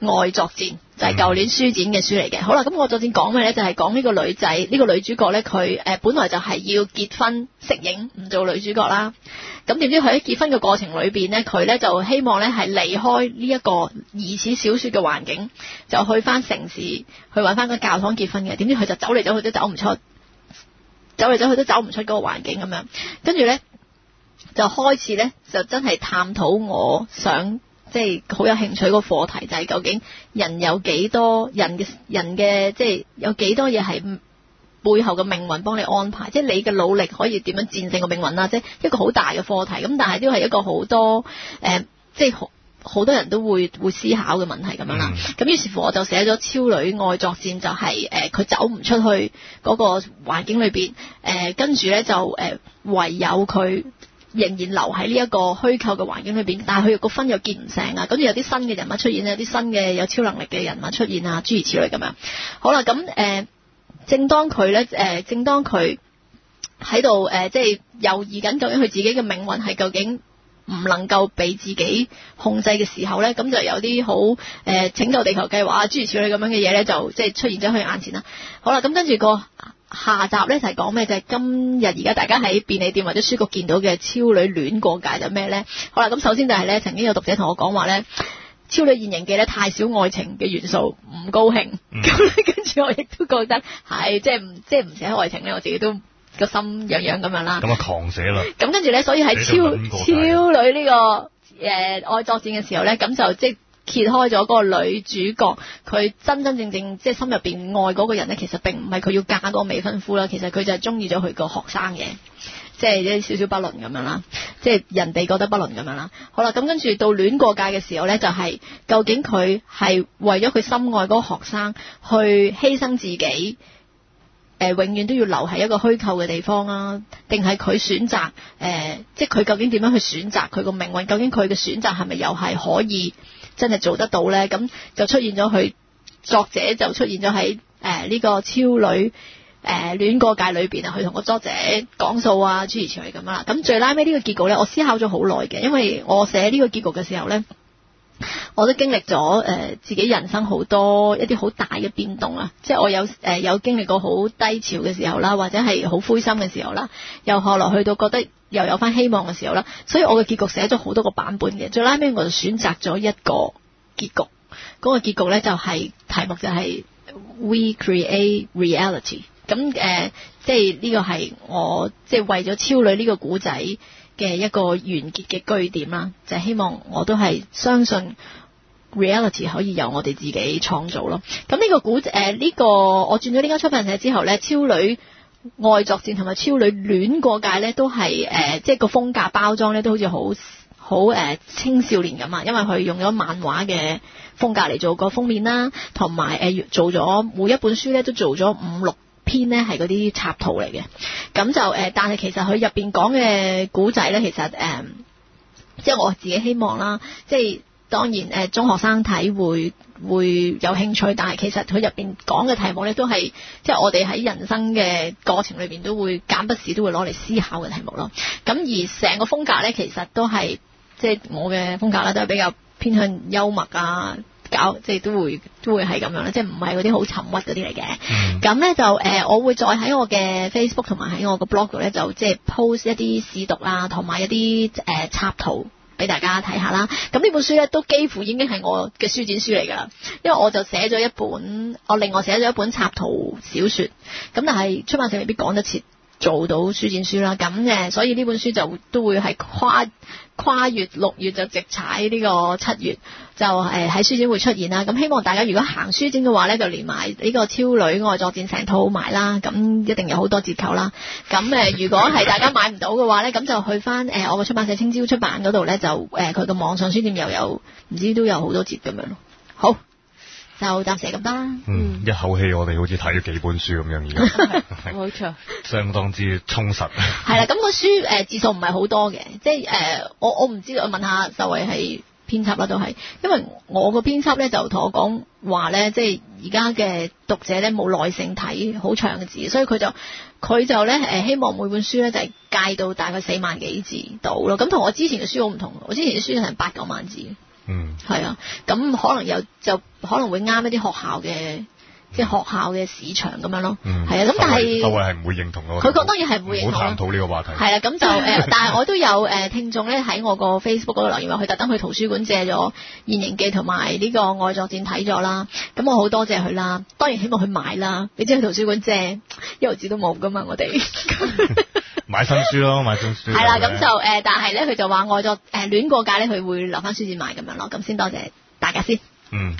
外作戰就係舊年書展嘅書嚟嘅，好啦，咁我作戰講咩呢？就係講呢個女仔，呢個女主角呢，佢誒本來就係要結婚適應，唔做女主角啦。咁點知佢喺結婚嘅過程裏邊呢，佢呢就希望呢係離開呢一個疑似小說嘅環境，就去翻城市去揾翻個教堂結婚嘅。點知佢就走嚟走去都走唔出，走嚟走去都走唔出嗰個環境咁樣。跟住呢，就開始呢，就真係探討我想。即係好有興趣個課題，就係究竟人有幾多人嘅人嘅即係有幾多嘢係背後嘅命運幫你安排，即係你嘅努力可以點樣戰勝個命運啦，即係一個好大嘅課題。咁但係都係一個好多誒，即係好多人都會會思考嘅問題咁樣啦。咁於 <Yeah. S 1> 是乎，我就寫咗《超女愛作戰》，就係誒，佢走唔出去嗰個環境裏邊，誒，跟住咧就誒，唯有佢。仍然留喺呢一個虛構嘅環境裏邊，但係佢個婚又結唔成啊！咁仲有啲新嘅人物出現，有啲新嘅有超能力嘅人物出現啊，諸如此類咁樣。好啦，咁誒、呃，正當佢咧，誒、呃，正當佢喺度誒，即係猶豫緊究竟佢自己嘅命運係究竟唔能夠俾自己控制嘅時候咧，咁就有啲好誒拯救地球計劃啊諸如此類咁樣嘅嘢咧，就即係出現咗佢眼前啦。好啦，咁跟住個。下集咧就係講咩？就係、是、今日而家大家喺便利店或者書局見到嘅《超女戀過界》就咩咧？好啦，咁首先就係咧，曾經有讀者同我講話咧，《超女現形記》咧太少愛情嘅元素，唔高興。咁跟住我亦都覺得係，即係唔即係唔寫愛情咧，我自己都個心癢癢咁樣啦。咁啊，狂寫啦！咁跟住咧，所以喺超超女呢、這個誒、呃、愛作戰嘅時候咧，咁就即係。揭開咗嗰個女主角，佢真真正正即係心入邊愛嗰個人呢，其實並唔係佢要嫁嗰個未婚夫啦。其實佢就係中意咗佢個學生嘅，即係一少少不倫咁樣啦。即係人哋覺得不倫咁樣啦。好啦，咁跟住到戀過界嘅時候呢，就係究竟佢係為咗佢心愛嗰個學生去犧牲自己，誒、呃，永遠都要留喺一個虛構嘅地方啦？定係佢選擇誒、呃，即係佢究竟點樣去選擇佢個命運？究竟佢嘅選擇係咪又係可以？真係做得到呢，咁就出現咗佢作者就出現咗喺誒呢個超女誒戀過界裏邊啊，佢同個作者講數啊，諸如此類咁啦。咁最拉尾呢個結局呢，我思考咗好耐嘅，因為我寫呢個結局嘅時候呢，我都經歷咗誒自己人生好多一啲好大嘅變動啊，即係我有誒、呃、有經歷過好低潮嘅時候啦，或者係好灰心嘅時候啦，又後來去到覺得。又有翻希望嘅時候啦，所以我嘅結局寫咗好多個版本嘅，最拉尾我就選擇咗一個結局，嗰、那個結局呢就係、是、題目就係 We Create Reality，咁誒，即係呢個係我即係、就是、為咗超女呢個古仔嘅一個完結嘅句點啦，就是、希望我都係相信 Reality 可以由我哋自己創造咯。咁呢個古誒呢個我轉咗呢間出版社之後呢，超女。外作戰同埋超女戀過界咧，都係誒，即係個風格包裝咧，都好似好好誒，青少年咁啊，因為佢用咗漫畫嘅風格嚟做個封面啦，同埋誒，做咗每一本書咧，都做咗五六篇咧，係嗰啲插圖嚟嘅。咁就誒，但係其實佢入邊講嘅古仔咧，其實誒，即係我自己希望啦，即係。當然，誒、呃，中學生睇會會有興趣，但係其實佢入邊講嘅題目咧，都係即係我哋喺人生嘅過程裏邊都會間不時都會攞嚟思考嘅題目咯。咁而成個風格咧，其實都係即係我嘅風格啦，都係比較偏向幽默啊，搞即係都會都會係咁樣啦，即係唔係嗰啲好沉鬱嗰啲嚟嘅。咁咧、mm hmm. 就誒、呃，我會再喺我嘅 Facebook 同埋喺我個 blog 咧，就即係 post 一啲試讀啊，同埋一啲誒、呃、插圖。俾大家睇下啦，咁呢本書咧都幾乎已經係我嘅書展書嚟噶啦，因為我就寫咗一本，我另外寫咗一本插圖小說。咁但係出版社未必講得切。做到書展書啦，咁嘅，所以呢本書就都會係跨跨越六月就直踩呢個七月就誒喺書展會出現啦。咁希望大家如果行書展嘅話呢，就連埋呢個超女愛作戰成套買啦，咁一定有好多折扣啦。咁誒，如果係大家買唔到嘅話呢，咁就去翻誒我個出版社青椒出版嗰度呢，就誒佢個網上書店又有唔知都有好多折咁樣咯。好。就搭成咁啦。嗯，一口氣我哋好似睇咗幾本書咁樣已經，冇錯，相當之充實 。係啦，咁個書誒、呃、字數唔係好多嘅，即係誒、呃、我我唔知道，我問下就為係編輯啦，都係，因為我個編輯咧就同我講話咧，即係而家嘅讀者咧冇耐性睇好長嘅字，所以佢就佢就咧誒、呃、希望每本書咧就係、是、界到大概四萬幾字到咯，咁同我之前嘅書好唔同，我之前嘅書係八九萬字。嗯，係啊，咁可能有就可能會啱一啲學校嘅。即係學校嘅市場咁樣咯，係啊、嗯，咁但係周位係唔會認同咯。佢當然係唔會認同。好探討呢個話題。係啊，咁就誒 、呃，但係我都有誒聽眾咧，喺我個 Facebook 嗰度留言話，佢特登去圖書館借咗《現形記》同埋呢個《愛作戰》睇咗啦。咁我好多謝佢啦。當然希望佢買啦，你知去圖書館借，一毫子都冇噶嘛，我哋 買新書咯，買新書。係啦 ，咁就誒、呃，但係咧，佢就話《愛作》誒、呃、亂過價咧，佢會留翻書展買咁樣咯。咁先多謝大家先。嗯。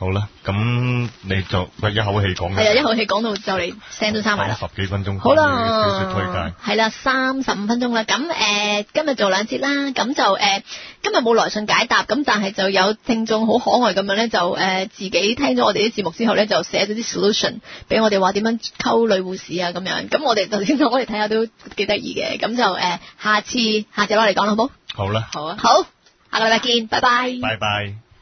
好啦，咁你就喂一口氣講。係啊，一口氣講到就嚟聲都沙埋啦，十幾分鐘。好啦，小說推介係啦，三十五分鐘啦。咁誒、呃，今日做兩節啦。咁就誒、呃，今日冇來信解答。咁但係就有聽眾好可愛咁樣咧，就誒、呃、自己聽咗我哋啲節目之後咧，就寫咗啲 solution 俾我哋話點樣溝女護士啊咁樣。咁我哋就先我哋睇下都幾得意嘅。咁就誒、呃，下次下次攞嚟講啦，好唔好？好啦，好啊，好，下個禮拜見，拜拜，拜拜。